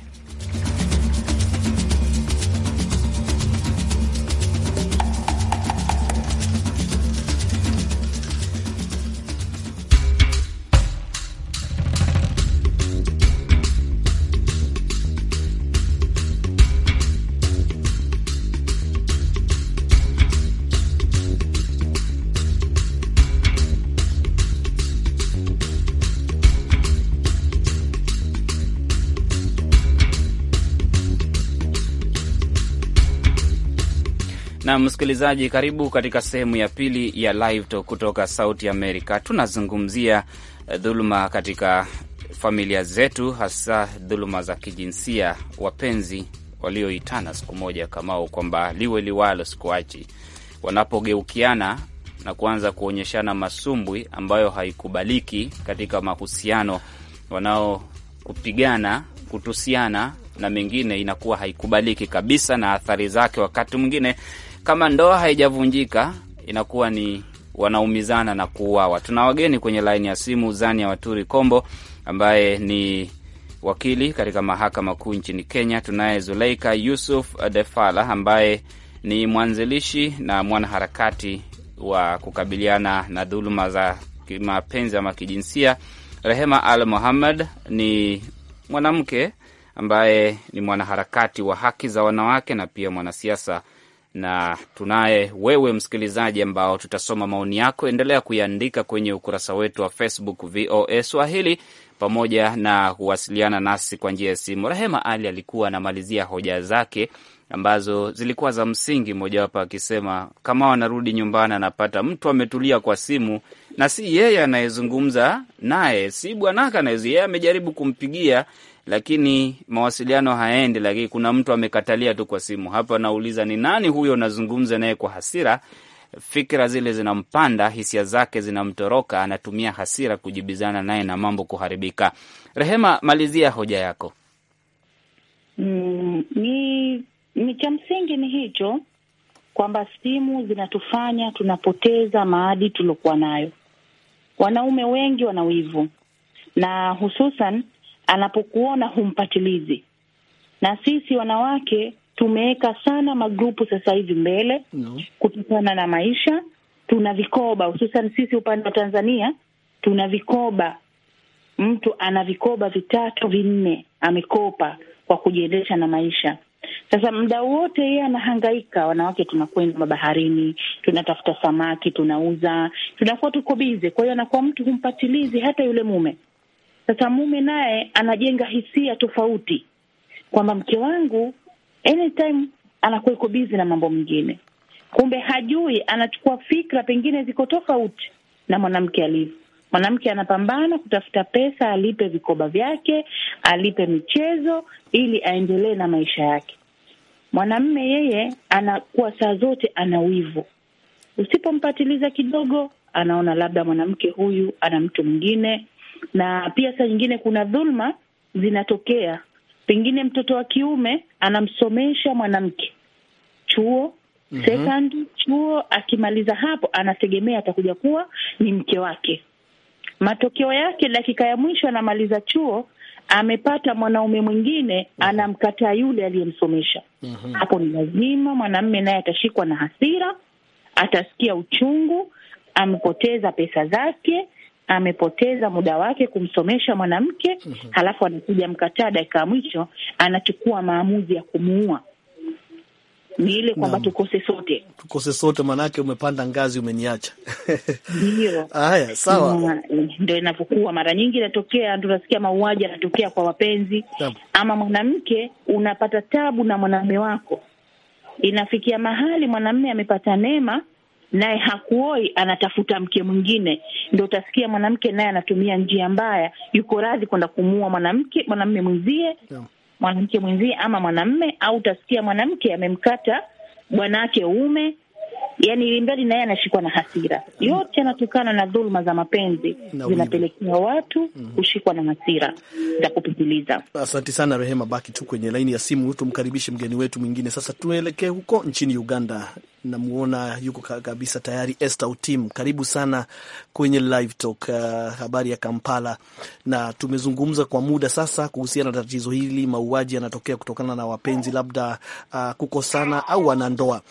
Na msikilizaji, karibu katika sehemu ya pili ya Live Talk kutoka Sauti Amerika. Tunazungumzia eh, dhuluma katika familia zetu, hasa dhuluma za kijinsia, wapenzi walioitana siku moja kamao kwamba liwe liwalo sikuachi, wanapogeukiana na kuanza kuonyeshana masumbwi ambayo haikubaliki katika mahusiano, wanaokupigana, kutusiana na mengine, inakuwa haikubaliki kabisa, na athari zake wakati mwingine kama ndoa haijavunjika inakuwa ni wanaumizana na kuuawa. Tuna wageni kwenye laini ya simu, Zania Waturi Kombo ambaye ni wakili katika mahakama kuu nchini Kenya. Tunaye Zuleika Yusuf Defala ambaye ni mwanzilishi na mwanaharakati wa kukabiliana na dhuluma za kimapenzi ama kijinsia. Rehema Al Muhammad ni mwanamke ambaye ni mwanaharakati wa haki za wanawake na pia mwanasiasa na tunaye wewe msikilizaji, ambao tutasoma maoni yako. Endelea kuiandika kwenye ukurasa wetu wa Facebook VOA Swahili, pamoja na kuwasiliana nasi kwa njia ya simu. Rehema Ali alikuwa anamalizia hoja zake ambazo zilikuwa za msingi, mojawapo akisema kama wanarudi nyumbani, anapata mtu ametulia kwa simu na si yeye anayezungumza naye, si bwanaka anayezi, yeye amejaribu kumpigia lakini mawasiliano hayaendi, lakini kuna mtu amekatalia tu kwa simu. Hapa nauliza ni nani huyo, nazungumza naye kwa hasira, fikira zile zinampanda, hisia zake zinamtoroka, anatumia hasira kujibizana naye na mambo kuharibika. Rehema, malizia hoja yako. Mm, ni, ni cha msingi ni hicho kwamba simu zinatufanya tunapoteza maadili tuliokuwa nayo. Wanaume wengi wana wivu na hususan anapokuona humpatilizi. Na sisi wanawake tumeweka sana magrupu sasa hivi mbele no. kutokana na maisha. Tuna vikoba hususan sisi upande wa Tanzania tuna vikoba, mtu ana vikoba vitatu vinne amekopa kwa kujiendesha na maisha. Sasa muda wote yeye anahangaika. Wanawake tunakwenda mabaharini, tunatafuta samaki, tunauza, tunakuwa tuko bize. Kwa hiyo anakuwa mtu humpatilizi hata yule mume sasa mume naye anajenga hisia tofauti kwamba mke wangu anytime anakuwa iko bizi na mambo mengine, kumbe hajui, anachukua fikra pengine ziko tofauti na mwanamke alivyo. Mwanamke anapambana kutafuta pesa, alipe vikoba vyake, alipe michezo, ili aendelee na maisha yake. Mwanamme yeye anakuwa saa zote ana wivu, usipompatiliza kidogo, anaona labda mwanamke huyu ana mtu mwingine, na pia saa nyingine kuna dhulma zinatokea, pengine mtoto wa kiume anamsomesha mwanamke chuo mm -hmm. chuo, akimaliza hapo anategemea atakuja kuwa ni mke wake. Matokeo yake dakika ya mwisho anamaliza chuo amepata mwanaume mwingine mhm. anamkataa yule aliyemsomesha. mm -hmm. Hapo ni lazima mwanamme naye atashikwa na hasira, atasikia uchungu, amepoteza pesa zake, amepoteza muda wake kumsomesha mwanamke mm -hmm. Halafu anakuja mkataa dakika ya mwisho, anachukua maamuzi ya kumuua. Ni ile kwamba tukose sote, tukose sote, maanake umepanda ngazi, umeniacha. Ndio haya, sawa, mm, ndo inavyokuwa. Mara nyingi inatokea, tunasikia mauaji yanatokea kwa wapenzi Naam. Ama mwanamke unapata tabu na mwanamume wako, inafikia mahali mwanamume amepata neema naye hakuoi, anatafuta mke mwingine. Ndo utasikia mwanamke naye anatumia njia mbaya, yuko radhi kwenda kumuua mwanamke mwanamme mwenzie yeah. mwanamke mwenzie ama mwanamme, au utasikia mwanamke amemkata bwanake uume yani ili naye anashikwa na hasira yote yanatokana na dhuluma za mapenzi zinapelekea watu mhm. kushikwa na hasira za kupitiliza. Asante sana Rehema, baki tu kwenye laini ya simu, tumkaribishe mgeni wetu mwingine. Sasa tuelekee huko nchini Uganda, namuona yuko kabisa tayari. Esther Utim, karibu sana kwenye Live Talk uh, habari ya Kampala, na tumezungumza kwa muda sasa kuhusiana na tatizo hili, mauaji yanatokea kutokana na wapenzi labda uh, kukosana au wanandoa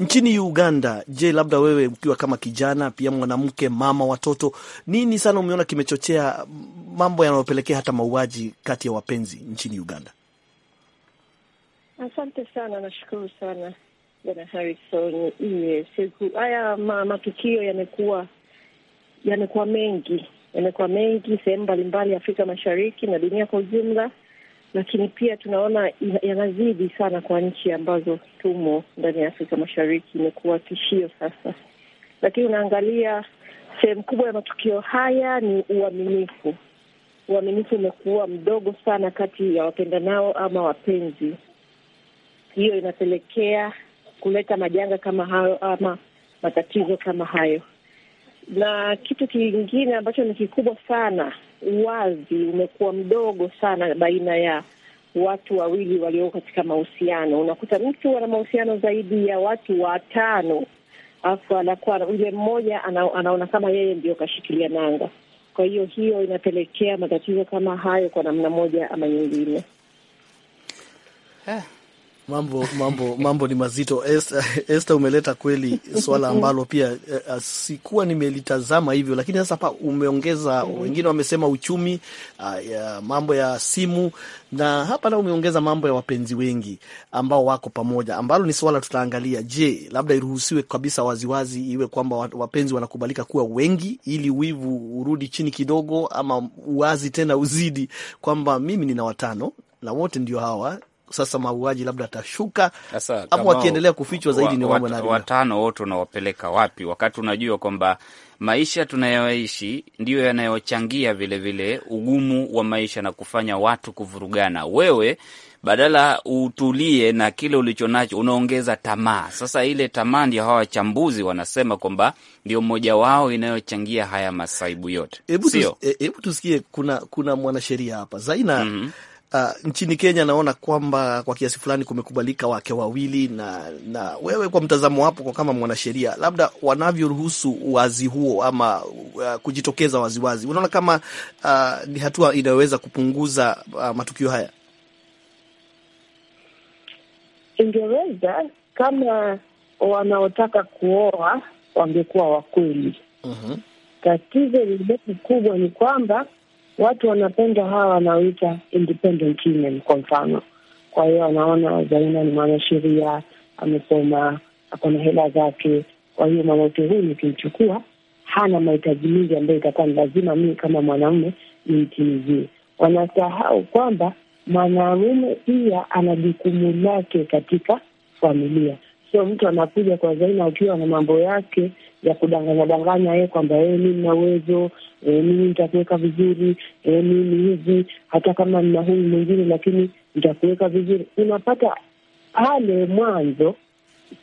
nchini Uganda. Je, labda wewe ukiwa kama kijana pia mwanamke, mama watoto, nini sana umeona kimechochea mambo yanayopelekea hata mauaji kati ya wapenzi nchini Uganda? Asante sana, nashukuru sana Bwana Harrison. siku haya ma, matukio yamekuwa yamekuwa mengi, yamekuwa mengi sehemu mbalimbali ya Afrika Mashariki na dunia kwa ujumla lakini pia tunaona yanazidi sana kwa nchi ambazo tumo ndani ya Afrika Mashariki, imekuwa tishio sasa. Lakini unaangalia sehemu kubwa ya matukio haya ni uaminifu. Uaminifu umekuwa mdogo sana kati ya wapendanao ama wapenzi. Hiyo inapelekea kuleta majanga kama hayo ama matatizo kama hayo na kitu kingine ambacho ni kikubwa sana, uwazi umekuwa mdogo sana baina ya watu wawili walioko katika mahusiano. Unakuta mtu ana mahusiano zaidi ya watu watano, afu anakuwa yule mmoja ana, anaona kama yeye ndio kashikilia nanga. Kwa hiyo hiyo inapelekea matatizo kama hayo kwa namna moja ama nyingine. Eh. Mambo, mambo, mambo ni mazito Esther. Esther, umeleta kweli swala ambalo pia eh, eh sikuwa nimelitazama hivyo, lakini sasa hapa umeongeza mm -hmm. Wengine wamesema uchumi uh, ya mambo ya simu na hapa na umeongeza mambo ya wapenzi wengi ambao wako pamoja, ambalo ni swala tutaangalia. Je, labda iruhusiwe kabisa waziwazi iwe kwamba wapenzi wanakubalika kuwa wengi ili wivu urudi chini kidogo, ama uwazi tena uzidi kwamba mimi nina watano na wote ndio hawa sasa mauaji labda atashuka ama wakiendelea kufichwa zaidi, ni mambo na watano wote unawapeleka wapi, wakati unajua kwamba maisha tunayoishi ndiyo yanayochangia vilevile ugumu wa maisha na kufanya watu kuvurugana. Wewe badala utulie na kile ulichonacho unaongeza tamaa. Sasa ile tamaa ndio hawa wachambuzi wanasema kwamba ndio mmoja wao inayochangia haya masaibu yote. Eh, hebu tusikie, kuna, kuna mwanasheria hapa Zaina. mm -hmm. Uh, nchini Kenya naona kwamba kwa kiasi fulani kumekubalika wake wawili na, na wewe kwa mtazamo wapo kwa kama mwanasheria, labda wanavyoruhusu wazi huo ama uh, kujitokeza waziwazi, unaona kama uh, ni hatua inayoweza kupunguza uh, matukio haya? Ingeweza kama wanaotaka kuoa wangekuwa wakweli. uh mhm. -huh. Tatizo lililoko kubwa ni kwamba watu wanapenda hawa wanaoita independent women kwa mfano. Kwa hiyo wanaona Zaina ni mwanasheria, amesoma, ako na hela zake. Kwa hiyo mwanamke huyu nikimchukua, hana mahitaji mingi ambayo itakuwa ni lazima mii kama mwanamume nimtimizie Wanasahau kwamba mwanaume pia ana jukumu lake katika familia sio mtu anakuja kwa Zaina akiwa na mambo yake ya kudanganya danganya yeye kwamba yeye eh, mi nina uwezo ee, mimi nitakuweka vizuri e, mimi hivi, hata kama nina huyu mwingine, lakini nitakuweka vizuri. Unapata pale mwanzo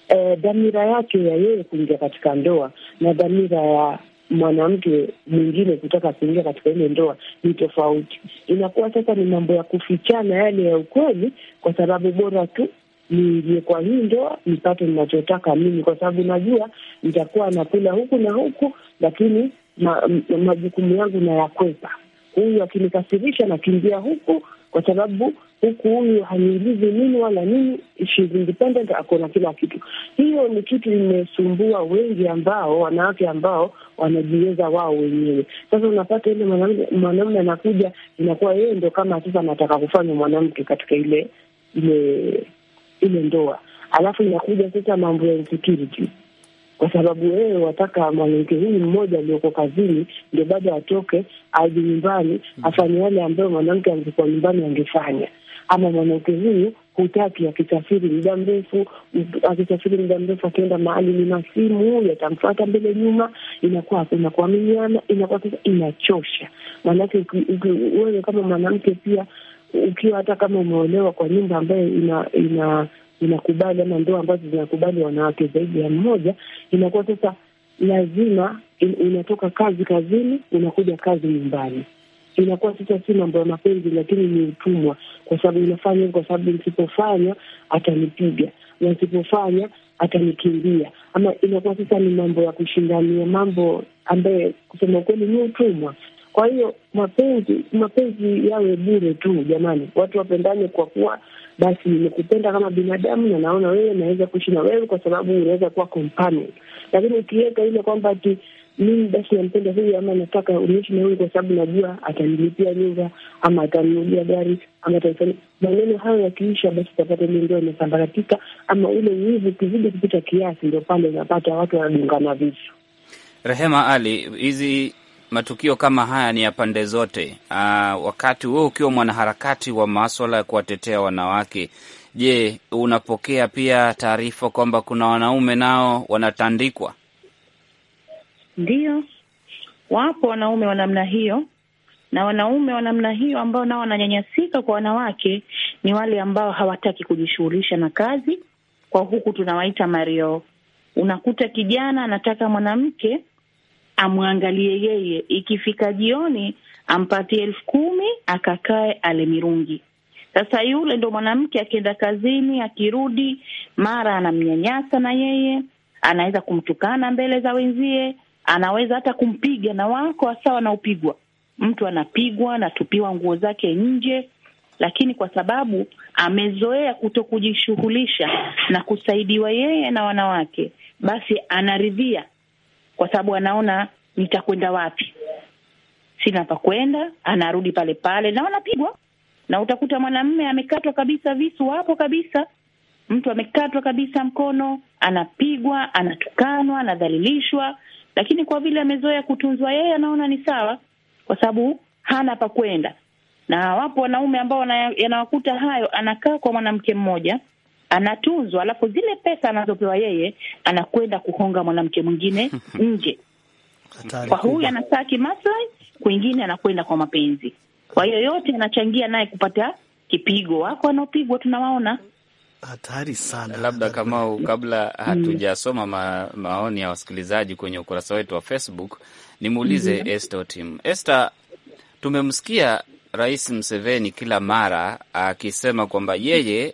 e, dhamira yake ya yeye kuingia katika ndoa na dhamira ya mwanamke mwingine kutaka kuingia katika ile ndoa ni tofauti. Inakuwa sasa ni mambo ya kufichana yale ya ukweli, kwa sababu bora tu niingie kwa hii ndoa nipate ninachotaka mimi, kwa sababu najua nitakuwa nakula huku na huku, lakini ma, majukumu yangu nayakwepa. Huyu akinikasirisha nakimbia huku, kwa sababu huku huyu haniulizi nini wala nini, she's independent, ako na kila kitu. Hiyo ni kitu imesumbua wengi, ambao wanawake ambao wanajiweza wao wenyewe. Sasa unapata ile mwanaume anakuja, inakuwa yeye ndo kama sasa anataka kufanya mwanamke katika ile ile ile ndoa, alafu inakuja sasa mambo ya insecurity, kwa sababu wewe wataka mwanamke huyu mmoja aliyoko kazini ndio bado atoke aje nyumbani afanye yale ambayo mwanamke angekuwa nyumbani angefanya, ama mwanamke huyu hutaki akisafiri muda mrefu, akisafiri muda mrefu akienda mahali ni masimu yatamfuata mbele nyuma, inakuwa hakuna kuaminiana, inakuwa sasa inachosha. Maanake wewe kama mwanamke pia ukiwa hata kama umeolewa kwa nyumba ambayo ina ina inakubali ama ndoa ambazo zinakubali wanawake zaidi ya mmoja, inakuwa sasa lazima in, inatoka kazi kazini, unakuja kazi nyumbani. Inakuwa sasa si mambo ya mapenzi, lakini ni utumwa, kwa sababu inafanya hivo, kwa sababu nisipofanya atanipiga na nsipofanya atanikimbia, ama inakuwa sasa ni mambo ya kushindania, mambo ambaye kusema ukweli ni utumwa. Kwa hiyo mapenzi mapenzi yawe bure tu jamani, watu wapendane kwa kuwa basi nimekupenda kama binadamu na naona wewe naweza kuishi na wewe, kwa sababu unaweza kuwa companion. Lakini ukiweka ile kwamba ati mimi basi nampenda huyu ama nataka uniishi na huyu kwa sababu najua atanilipia nyumba ama atanunulia gari ama atani, maneno hayo yakiisha, basi utapata ile ndoa imesambaratika, ama ule wivu ukizidi kupita kiasi, ndio pale unapata watu wanadungana visu. Rehema Ali, hizi matukio kama haya ni ya pande zote. Aa, ah, wakati wewe ukiwa mwanaharakati wa maswala ya kuwatetea wanawake, je, unapokea pia taarifa kwamba kuna wanaume nao wanatandikwa? Ndiyo, wapo wanaume wa namna hiyo, na wanaume wa namna hiyo ambao nao wananyanyasika kwa wanawake ni wale ambao hawataki kujishughulisha na kazi, kwa huku tunawaita Mario. Unakuta kijana anataka mwanamke amwangalie yeye, ikifika jioni ampatie elfu kumi akakae ale mirungi. Sasa yule ndo mwanamke akienda kazini, akirudi, mara anamnyanyasa na yeye, anaweza kumtukana mbele za wenzie, anaweza hata kumpiga na wako hasa anaopigwa mtu, anapigwa anatupiwa nguo zake nje, lakini kwa sababu amezoea kuto kujishughulisha na kusaidiwa yeye na wanawake, basi anaridhia kwa sababu anaona nitakwenda wapi, sina pa kwenda, anarudi pale pale na wanapigwa. Na utakuta mwanamume amekatwa kabisa, visu wapo kabisa, mtu amekatwa kabisa mkono, anapigwa, anatukanwa, anadhalilishwa, lakini kwa vile amezoea kutunzwa, yeye anaona ni sawa, kwa sababu hana pa kwenda. Na wapo wanaume ambao yanawakuta hayo, anakaa kwa mwanamke mmoja anatuzwa, alafu zile pesa anazopewa yeye anakwenda kuhonga mwanamke mwingine nje. Kwa huyu anasaki maslahi, kwingine anakwenda kwa mapenzi. Kwa hiyo yote anachangia naye kupata kipigo. Wako wanaopigwa tunawaona hatari sana. Eh, labda kama kabla mm. hatujasoma ma, maoni ya wasikilizaji kwenye ukurasa wetu wa Facebook, nimuulize mm -hmm. Esther Otim. Esther, tumemsikia Rais Mseveni kila mara akisema kwamba yeye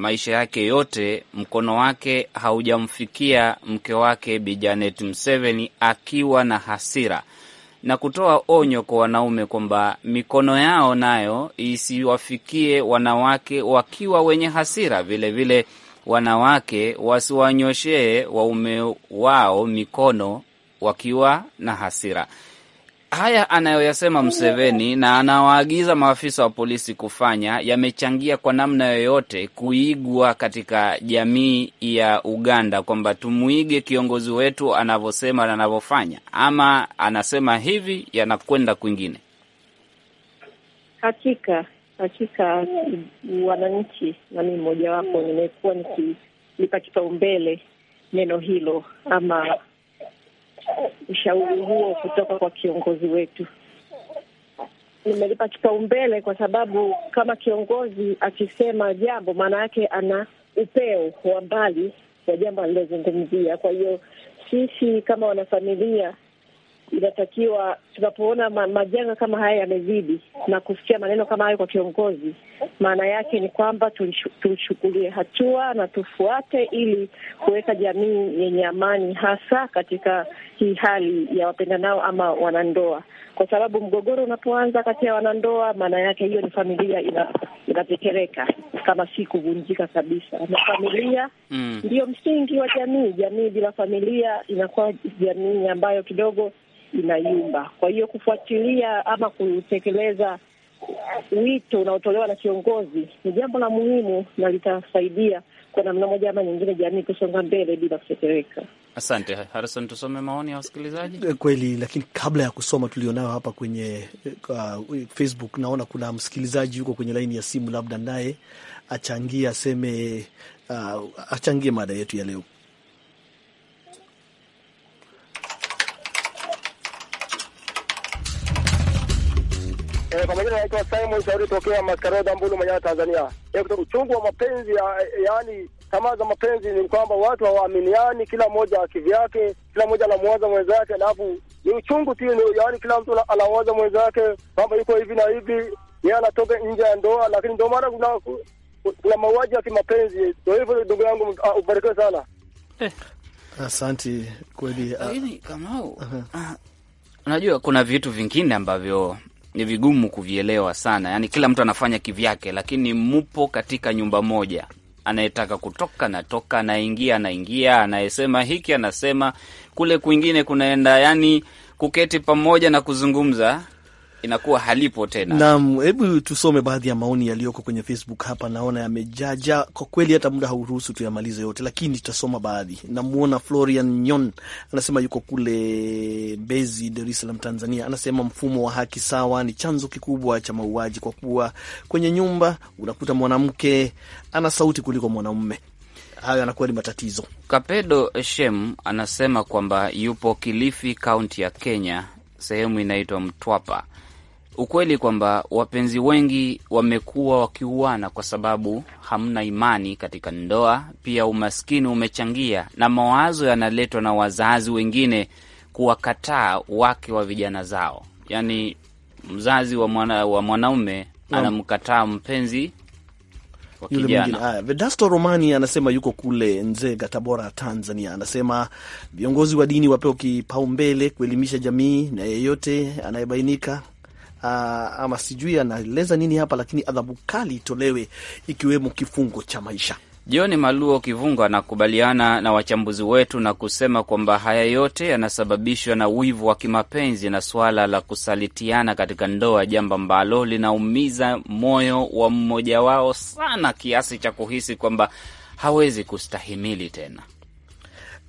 maisha yake yote mkono wake haujamfikia mke wake Bi Janet Museveni akiwa na hasira na kutoa onyo kwa wanaume kwamba mikono yao nayo isiwafikie wanawake wakiwa wenye hasira. Vilevile vile wanawake wasiwanyoshee waume wao mikono wakiwa na hasira haya anayoyasema Mseveni na anawaagiza maafisa wa polisi kufanya yamechangia kwa namna yoyote kuigwa katika jamii ya Uganda, kwamba tumwige kiongozi wetu anavyosema na anavyofanya, ama anasema hivi yanakwenda kwingine. Hakika, hakika, wananchi, nami mmojawapo, nimekuwa nikilipa kipaumbele neno hilo ama ushauri huo kutoka kwa kiongozi wetu. Nimelipa kipaumbele kwa sababu kama kiongozi akisema jambo, maana yake ana upeo wa mbali wa jambo alilozungumzia. Kwa hiyo sisi kama wanafamilia inatakiwa tunapoona ma, majanga kama haya yamezidi na kusikia maneno kama hayo kwa kiongozi, maana yake ni kwamba tulichukulie hatua na tufuate, ili kuweka jamii yenye amani, hasa katika hii hali ya wapendanao ama wanandoa, kwa sababu mgogoro unapoanza kati ya wanandoa, maana yake hiyo ni familia ina, ina kama si kuvunjika kabisa, na familia mm. ndiyo msingi wa jamii. Jamii bila familia inakuwa jamii ambayo kidogo inayumba. Kwa hiyo kufuatilia ama kutekeleza wito unaotolewa na kiongozi ni jambo la muhimu na litasaidia kwa namna moja ama nyingine jamii kusonga mbele bila kutetereka. Asante Harison, tusome maoni ya wasikilizaji eh, kweli. Lakini kabla ya kusoma tulionayo hapa kwenye uh, Facebook, naona kuna msikilizaji yuko kwenye laini ya simu, labda naye achangie aseme, uh, achangie mada yetu ya leo. Eh, kwa majina naitwa Simon Shauri tokea Maskaroda Mbulu Manyara Tanzania. Eh, kutoka uchungu wa mapenzi ya, eh, yaani tamaa za mapenzi ni kwamba watu hawaaminiani, kila mmoja akivyake kila mmoja anamwaza mwenzake, alafu ni uchungu tu, yaani kila mtu anawaza mwenzake kwamba yuko hivi na hivi, yeye anatoka nje ya ndoa, lakini ndio maana kuna kuna mauaji ya kimapenzi. Ndio hivyo, ndugu yangu, ah, ubarikiwe sana. Eh. Asante kweli. Ah. Lakini Kamau, ah, unajua kuna vitu vingine ambavyo ni vigumu kuvielewa sana, Yani kila mtu anafanya kivyake, lakini mupo katika nyumba moja anayetaka kutoka natoka, anaingia anaingia, anayesema hiki anasema kule, kwingine kunaenda, yani kuketi pamoja na kuzungumza inakuwa halipo tena. Naam, hebu tusome baadhi ya maoni yaliyoko kwenye Facebook hapa, naona yamejaja kwa kweli, hata muda hauruhusu tuyamalize yote, lakini tutasoma baadhi. Namwona Florian Nyon anasema yuko kule Mbezi, Dar es Salaam, Tanzania. Anasema mfumo wa haki sawa ni chanzo kikubwa cha mauaji, kwa kuwa kwenye nyumba unakuta mwanamke ana sauti kuliko mwanaume. Hayo yanakuwa ni matatizo. Kapedo Shem anasema kwamba yupo Kilifi, kaunti ya Kenya, sehemu inaitwa Mtwapa ukweli kwamba wapenzi wengi wamekuwa wakiuana kwa sababu hamna imani katika ndoa. Pia umaskini umechangia, na mawazo yanaletwa na wazazi wengine kuwakataa wake wa vijana zao. Yani mzazi wa, mwana, wa mwanaume anamkataa mpenzi wa kijana. Vedasto Romani anasema yuko kule Nzega, Tabora, Tanzania. Anasema viongozi wa dini wapewa kipaumbele kuelimisha jamii na yeyote anayebainika uh, ama sijui anaeleza nini hapa, lakini adhabu kali itolewe ikiwemo kifungo cha maisha. John Maluo Kivungo anakubaliana na wachambuzi wetu na kusema kwamba haya yote yanasababishwa na wivu wa kimapenzi na suala la kusalitiana katika ndoa, jambo ambalo linaumiza moyo wa mmoja wao sana kiasi cha kuhisi kwamba hawezi kustahimili tena.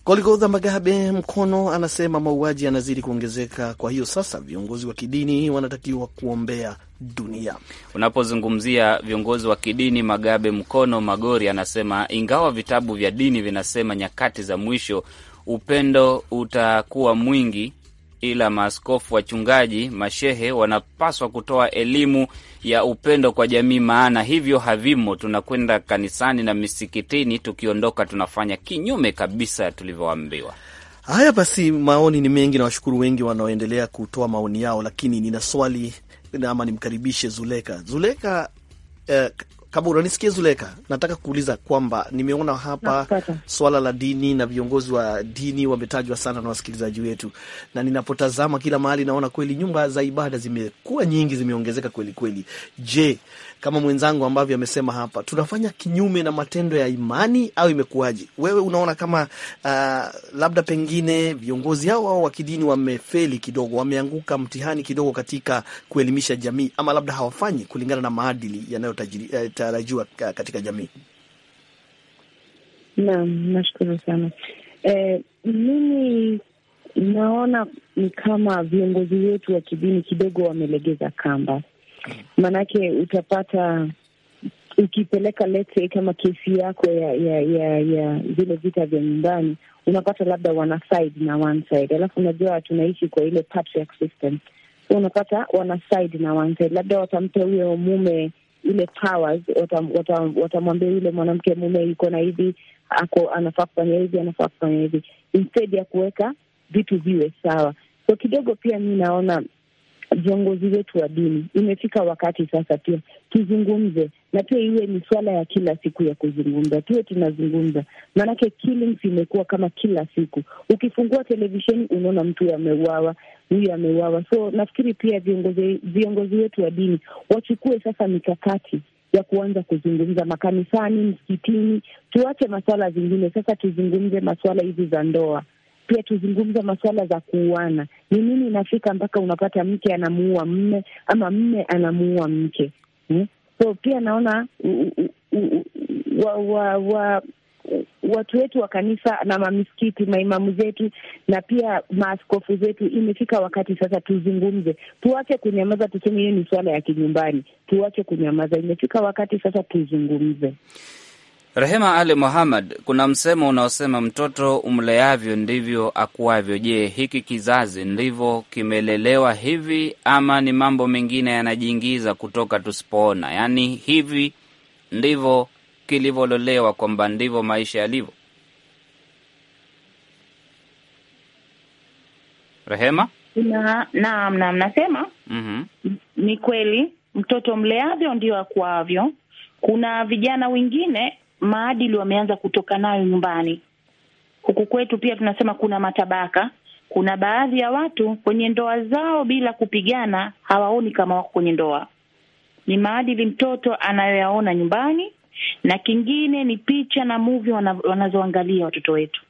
Goligodha Magabe Mkono anasema mauaji yanazidi kuongezeka, kwa hiyo sasa viongozi wa kidini wanatakiwa kuombea dunia. Unapozungumzia viongozi wa kidini, Magabe Mkono Magori anasema ingawa vitabu vya dini vinasema nyakati za mwisho upendo utakuwa mwingi ila maaskofu, wachungaji, mashehe wanapaswa kutoa elimu ya upendo kwa jamii, maana hivyo havimo. Tunakwenda kanisani na misikitini, tukiondoka tunafanya kinyume kabisa tulivyoambiwa. Haya basi, maoni ni mengi na washukuru wengi wanaoendelea kutoa maoni yao, lakini nina swali ama nimkaribishe Zuleka. Zuleka, eh, Kabura, nisikie Zuleka? Nataka kuuliza kwamba nimeona hapa swala la dini na viongozi wa dini wametajwa sana na wasikilizaji wetu, na ninapotazama kila mahali naona kweli nyumba za ibada zimekuwa nyingi, zimeongezeka kweli kweli. Je, kama mwenzangu ambavyo amesema hapa, tunafanya kinyume na matendo ya imani au imekuwaje? Wewe unaona kama uh, labda pengine viongozi hao hao wa kidini wamefeli kidogo, wameanguka mtihani kidogo katika kuelimisha jamii, ama labda hawafanyi kulingana na maadili yanayotarajiwa eh, katika jamii? Naam, nashukuru sana. Eh, mimi naona ni kama viongozi wetu wa kidini kidogo wamelegeza kamba maanake utapata ukipeleka lete kama kesi yako ya ya ya ya vile vita vya nyumbani, unapata labda wana side na one side, alafu unajua tunaishi kwa ile patriarch system, so unapata wana side na one side, labda watampa huyo mume ile powers, watamwambia wata, wata yule mwanamke mume yuko na hivi, ako anafaa kufanya hivi, anafaa kufanya hivi, instead ya kuweka vitu viwe sawa. So kidogo pia mi naona viongozi wetu wa dini, imefika wakati sasa pia tuzungumze, na pia iwe ni swala ya kila siku ya kuzungumza, tuwe tunazungumza, maanake killings imekuwa kama kila siku. Ukifungua televisheni unaona mtu ameuawa, huyu ameuawa. So nafikiri pia viongozi, viongozi wetu wa dini wachukue sasa mikakati ya kuanza kuzungumza makanisani, msikitini. Tuache masuala zingine sasa, tuzungumze masuala hizi za ndoa pia tuzungumze masuala za kuuana. Ni nini inafika mpaka unapata mke anamuua mme ama mme anamuua mke hmm? So pia naona wa, wa, wa watu wetu wa kanisa na mamisikiti, maimamu zetu na pia maaskofu zetu, imefika wakati sasa tuzungumze, tuwache kunyamaza, tuseme hiyo ni suala ya kinyumbani, tuwache kunyamaza. Imefika wakati sasa tuzungumze. Rehema Ali Muhammad, kuna msemo unaosema mtoto umleavyo ndivyo akuavyo. Je, hiki kizazi ndivyo kimelelewa hivi ama ni mambo mengine yanajiingiza kutoka tusipoona? Yaani hivi ndivyo kilivyolelewa, kwamba ndivyo maisha yalivyo? Rehema, naam, naam, na, nasema mm -hmm. Ni kweli mtoto mleavyo ndio akuavyo. Kuna vijana wengine maadili wameanza kutoka nayo nyumbani. Huku kwetu pia tunasema kuna matabaka. Kuna baadhi ya watu kwenye ndoa zao bila kupigana hawaoni kama wako kwenye ndoa. Ni maadili mtoto anayoyaona nyumbani, na kingine ni picha na movie wana, wanazoangalia watoto wetu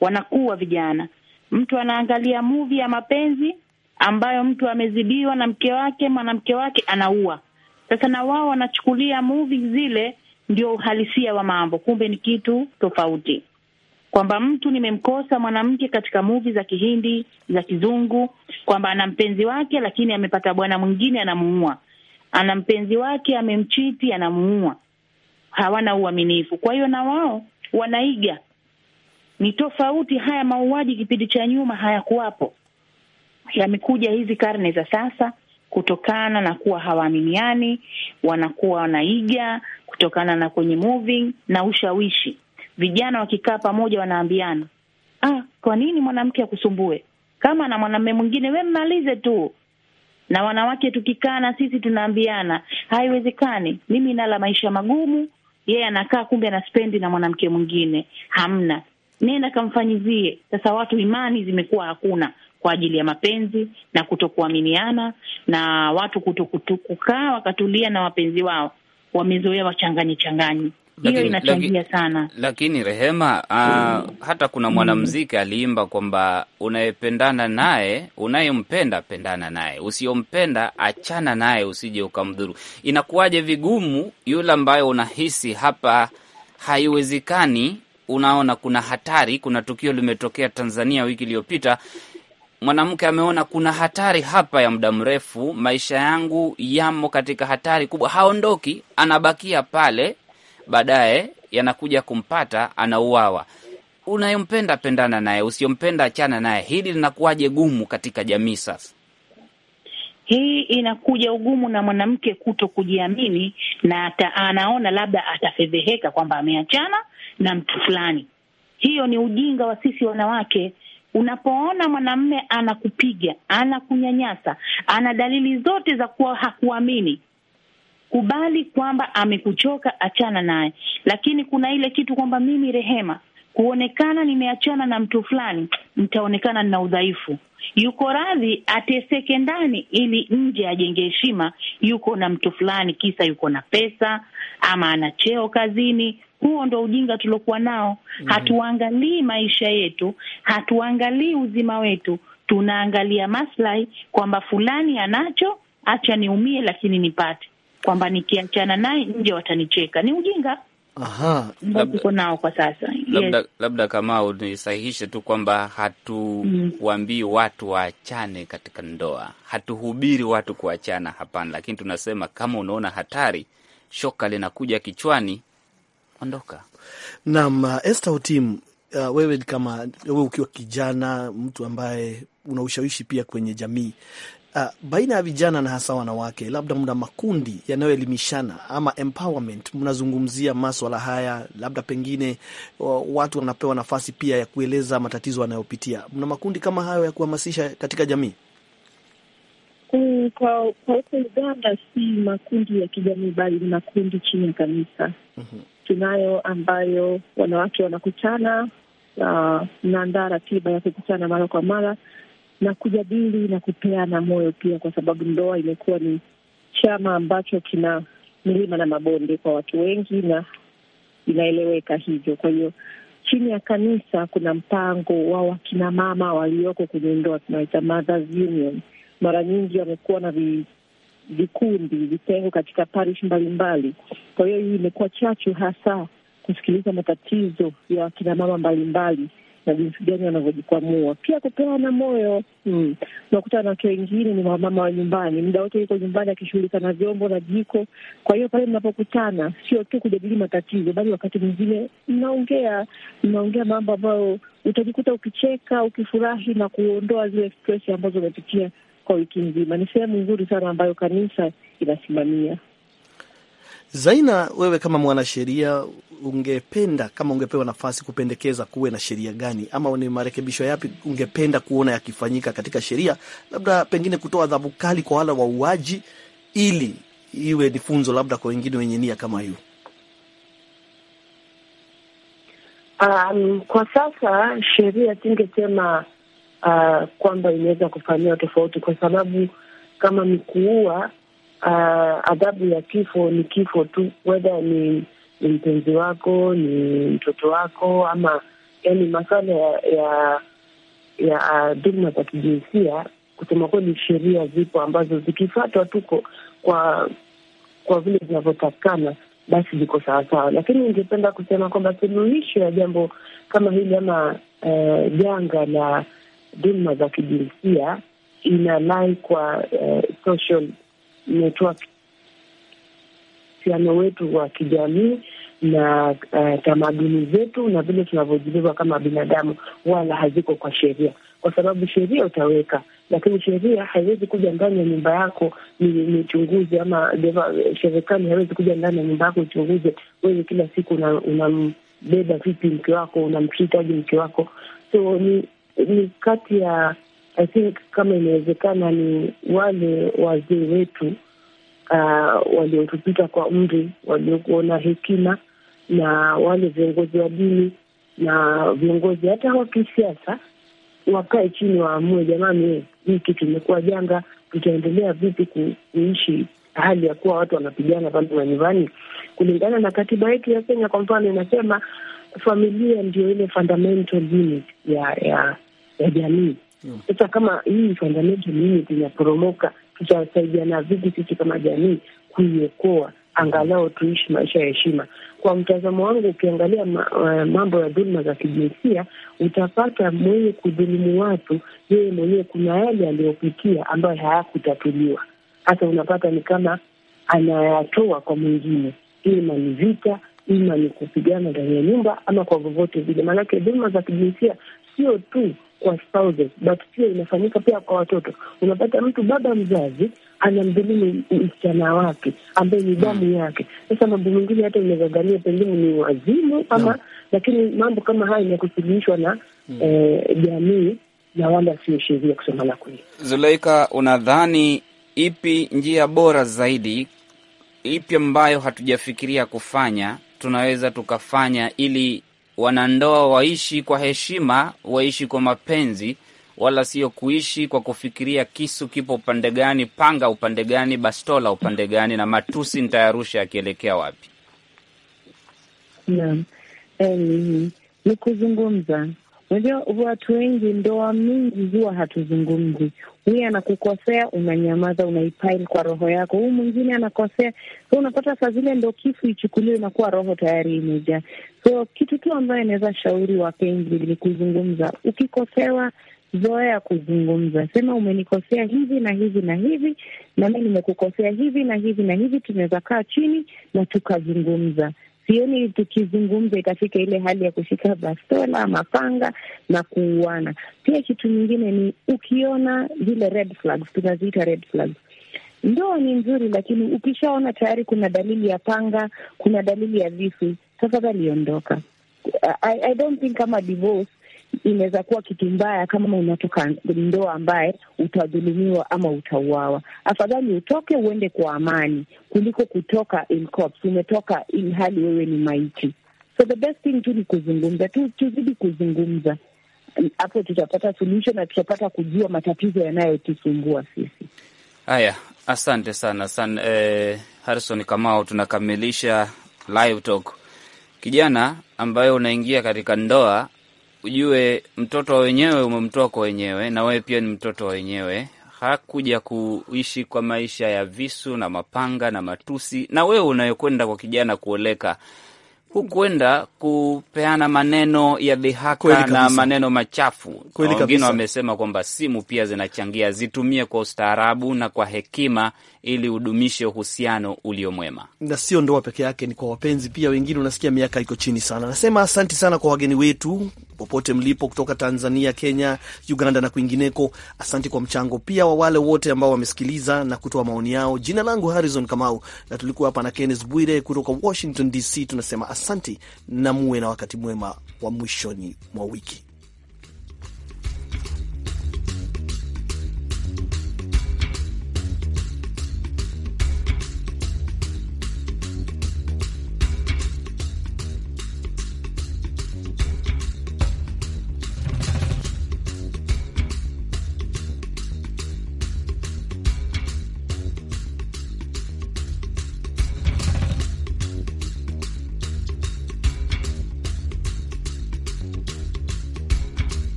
wanakuwa vijana. Mtu anaangalia muvi ya mapenzi ambayo mtu amezidiwa na mke wake, mwanamke wake anaua. Sasa na wao wanachukulia muvi zile ndio uhalisia wa mambo, kumbe ni kitu tofauti, kwamba mtu nimemkosa mwanamke katika muvi za Kihindi za Kizungu, kwamba ana mpenzi wake lakini amepata bwana mwingine anamuua, ana mpenzi wake amemchiti, anamuua. Hawana uaminifu, kwa hiyo na wao wanaiga. Ni tofauti. Haya mauaji kipindi cha nyuma hayakuwapo, yamekuja hizi karne za sasa kutokana na kuwa hawaaminiani, wanakuwa wanaiga kutokana na kwenye moving na ushawishi. Vijana wakikaa pamoja wanaambiana, ah, kwa nini mwanamke akusumbue kama na mwanamume mwingine, we mmalize tu. Na wanawake tukikaa na sisi tunaambiana, haiwezekani, mimi nala maisha magumu, yeye yeah, anakaa kumbe anaspendi na mwanamke mwingine, hamna nenda kamfanyizie. Sasa watu imani zimekuwa hakuna, kwa ajili ya mapenzi na kutokuaminiana na watu kutokukaa wakatulia na wapenzi wao, wamezoea wachanganyi changanyi hiyo inachangia sana lakini, Rehema, uh, mm. hata kuna mm. mwanamziki aliimba kwamba unayependana naye unayempenda pendana naye, usiyompenda achana naye, usije ukamdhuru. Inakuwaje vigumu yule ambayo unahisi hapa haiwezekani? Unaona kuna hatari, kuna tukio limetokea Tanzania wiki iliyopita mwanamke ameona kuna hatari hapa ya muda mrefu, maisha yangu yamo katika hatari kubwa, haondoki, anabakia pale, baadaye yanakuja kumpata, anauawa. Unayompenda pendana naye, usiyompenda achana naye. Hili linakuwaje gumu katika jamii sasa? Hii inakuja ugumu na mwanamke kuto kujiamini, na ata, anaona labda atafedheheka kwamba ameachana na mtu fulani. Hiyo ni ujinga wa sisi wanawake Unapoona mwanamme anakupiga, anakunyanyasa, ana dalili zote za kuwa hakuamini, kubali kwamba amekuchoka, achana naye. Lakini kuna ile kitu kwamba mimi Rehema, kuonekana nimeachana na mtu fulani, nitaonekana nina udhaifu. Yuko radhi ateseke ndani ili nje ajenge heshima, yuko na mtu fulani, kisa yuko na pesa ama ana cheo kazini huo ndo ujinga tuliokuwa nao. mm -hmm. Hatuangalii maisha yetu, hatuangalii uzima wetu, tunaangalia maslahi kwamba fulani anacho, acha niumie, lakini nipate kwamba nikiachana naye nje watanicheka. Ni ujinga Aha, labda, nao kwa sasa labda, yes. Labda kama unisahihishe tu kwamba hatuwambii mm. watu waachane katika ndoa, hatuhubiri watu kuachana, hapana. Lakini tunasema kama unaona hatari, shoka linakuja kichwani, ondoka. Naam, uh, Esther Otim, uh, wewe kama wewe ukiwa kijana, mtu ambaye una ushawishi pia kwenye jamii Uh, baina ya vijana na hasa wanawake, labda mna makundi yanayoelimishana ama empowerment, mnazungumzia maswala haya, labda pengine watu wanapewa nafasi pia ya kueleza matatizo wanayopitia. Mna makundi kama hayo ya kuhamasisha katika jamii? Mm, kwa kwa huko Uganda si makundi ya kijamii, bali ni makundi chini ya kanisa. mm -hmm tunayo ambayo wanawake wanakutana na mnaandaa ratiba ya kukutana mara kwa mara na kujadili na kupeana moyo pia, kwa sababu ndoa imekuwa ni chama ambacho kina milima na mabonde kwa watu wengi, na inaeleweka hivyo. Kwa hiyo chini ya kanisa kuna mpango wa wakinamama walioko kwenye ndoa tunaita Mothers Union. Mara nyingi wamekuwa na vikundi, vitengo katika parish mbalimbali. Kwa hiyo hii imekuwa chachu hasa kusikiliza matatizo ya wakinamama mbalimbali na jinsi gani wanavyojikwamua, pia kupeana moyo. Mm. Unakuta hmm, wanawake wengine ni wamama wa nyumbani, muda wote yuko nyumbani akishughulika na vyombo na jiko. Kwa hiyo pale mnapokutana, sio tu kujadili matatizo, bali wakati mwingine mnaongea, mnaongea mambo ambayo utajikuta ukicheka, ukifurahi na kuondoa zile stress ambazo umepitia kwa wiki nzima. Ni sehemu nzuri sana ambayo kanisa inasimamia. Zaina, wewe kama mwanasheria, ungependa kama ungepewa nafasi kupendekeza kuwe na sheria gani ama ni marekebisho yapi ungependa kuona yakifanyika katika sheria, labda pengine kutoa adhabu kali kwa wale wauaji, ili iwe ni funzo labda kwa wengine wenye nia kama hiyo? Um, kwa sasa sheria tingesema uh, kwamba inaweza kufanyiwa tofauti, kwa sababu kama ni kuua, uh, adhabu ya kifo ni kifo tu, wedha ni ni mpenzi wako, ni mtoto wako, ama yani maswala ya ya, ya uh, dhuluma za kijinsia, kusema kweli, sheria zipo ambazo zikifuatwa tuko kwa kwa vile vinavyotakikana basi ziko sawasawa, lakini ningependa kusema kwamba suluhisho ya jambo kama hili ama uh, janga uh, la dhuluma za kijinsia inalai kwa uh, social network wetu wa kijamii na uh, tamaduni zetu na vile tunavyojibeba kama binadamu, wala haziko kwa sheria, kwa sababu sheria utaweka, lakini sheria haiwezi kuja ndani ya nyumba yako ni ama serikali haiwezi kuja ndani ya nyumba yako uchunguze wewe kila siku unambeba una vipi mke wako, unamtritaji mke wako. So ni ni kati ya I think kama inawezekana ni wale wazee wetu uh, waliotupita kwa umri, waliokuwa na hekima na wale viongozi wa dini na viongozi hata wa kisiasa wakae chini, waamue jamani, hii kitu imekuwa janga, tutaendelea vipi kuishi hali ya kuwa watu wanapigana pale manyumbani. Kulingana na katiba yetu ya Kenya kwa mfano, inasema familia ndio ile fundamental unit ya ya ya jamii. Sasa kama hii fundamental unity inaporomoka, tutasaidiana vipi sisi kama jamii kuiokoa, angalau tuishi maisha ya heshima? Kwa mtazamo wangu, ukiangalia ma, uh, mambo ya dhuluma za kijinsia, utapata mwenye kudhulumu watu yeye mwenyewe kuna yale aliyopitia ambayo hayakutatuliwa, hasa unapata ni kama anayatoa kwa mwingine, ima ni vita, ima ni kupigana ndani ya nyumba, ama kwa vovote vile, maanake dhuluma za kijinsia sio tu kwa spouses, but pia inafanyika pia kwa watoto. Unapata mtu baba mzazi anamdhulumu msichana wake ambaye ni damu hmm. yake. Sasa mambo mengine hata unazagania pengine ni wazimu ama no. Hmm. Lakini mambo kama haya inakusuluhishwa na hmm. eh, jamii mm. na wala sio sheria, kusema la kweli. Zuleika, unadhani ipi njia bora zaidi, ipi ambayo hatujafikiria kufanya tunaweza tukafanya ili wanandoa waishi kwa heshima, waishi kwa mapenzi, wala sio kuishi kwa kufikiria kisu kipo upande gani, panga upande gani, bastola upande gani, na matusi nitayarusha yakielekea wapi. Naam, eh, ni kuzungumza. Unajua watu wengi, ndoa mingi huwa hatuzungumzi, mi anakukosea, unanyamaza, unaipail kwa roho yako. Huyu mwingine anakosea, so unapata saa zile ndo kifu ichukuliwe, inakuwa roho tayari imejaa. So kitu tu ambayo inaweza shauri wapenzi ni kuzungumza. Ukikosewa zoea kuzungumza, sema umenikosea hivi na hivi na hivi, na mi nimekukosea hivi na hivi na hivi, tunaweza kaa chini na tukazungumza sioni tukizungumza itafika ile hali ya kushika bastola, mapanga na kuuana. Pia kitu nyingine ni ukiona zile red flags, tunaziita red flags Ndoa ni nzuri, lakini ukishaona tayari kuna dalili ya panga, kuna dalili ya visu, tafadhali ondoka. I, I don't think kama divorce inaweza kuwa kitu mbaya kama unatoka ndoa ambaye utadhulumiwa ama utauawa. Afadhali utoke uende kwa amani kuliko kutoka in umetoka in hali wewe ni maiti. So the best thing tu ni kuzungumza tu, tuzidi kuzungumza, hapo tutapata suluhisho na tutapata kujua matatizo yanayotusumbua sisi. Haya, asante sana san, eh, Harrison Kamau, tunakamilisha live talk. Kijana ambaye unaingia katika ndoa ujue mtoto wa wenyewe umemtoa kwa wenyewe, na wewe pia ni mtoto wa wenyewe. Hakuja kuishi kwa maisha ya visu na mapanga na matusi, na wewe unayokwenda kwa kijana kuoleka hukwenda kupeana maneno ya dhihaka na maneno machafu. Wengine wamesema kwamba simu pia zinachangia, zitumie kwa ustaarabu na kwa hekima ili udumishe uhusiano ulio mwema, na sio ndoa peke yake, ni kwa wapenzi pia. Wengine unasikia miaka iko chini sana. Nasema asanti sana kwa wageni wetu popote mlipo, kutoka Tanzania, Kenya, Uganda na kwingineko. Asanti kwa mchango pia wa wale wote ambao wamesikiliza na kutoa maoni yao. Jina langu Harrison Kamau na tulikuwa hapa na Kenneth Bwire kutoka Washington DC, tunasema asanti. Asanti na muwe na wakati mwema wa mwishoni mwa wiki.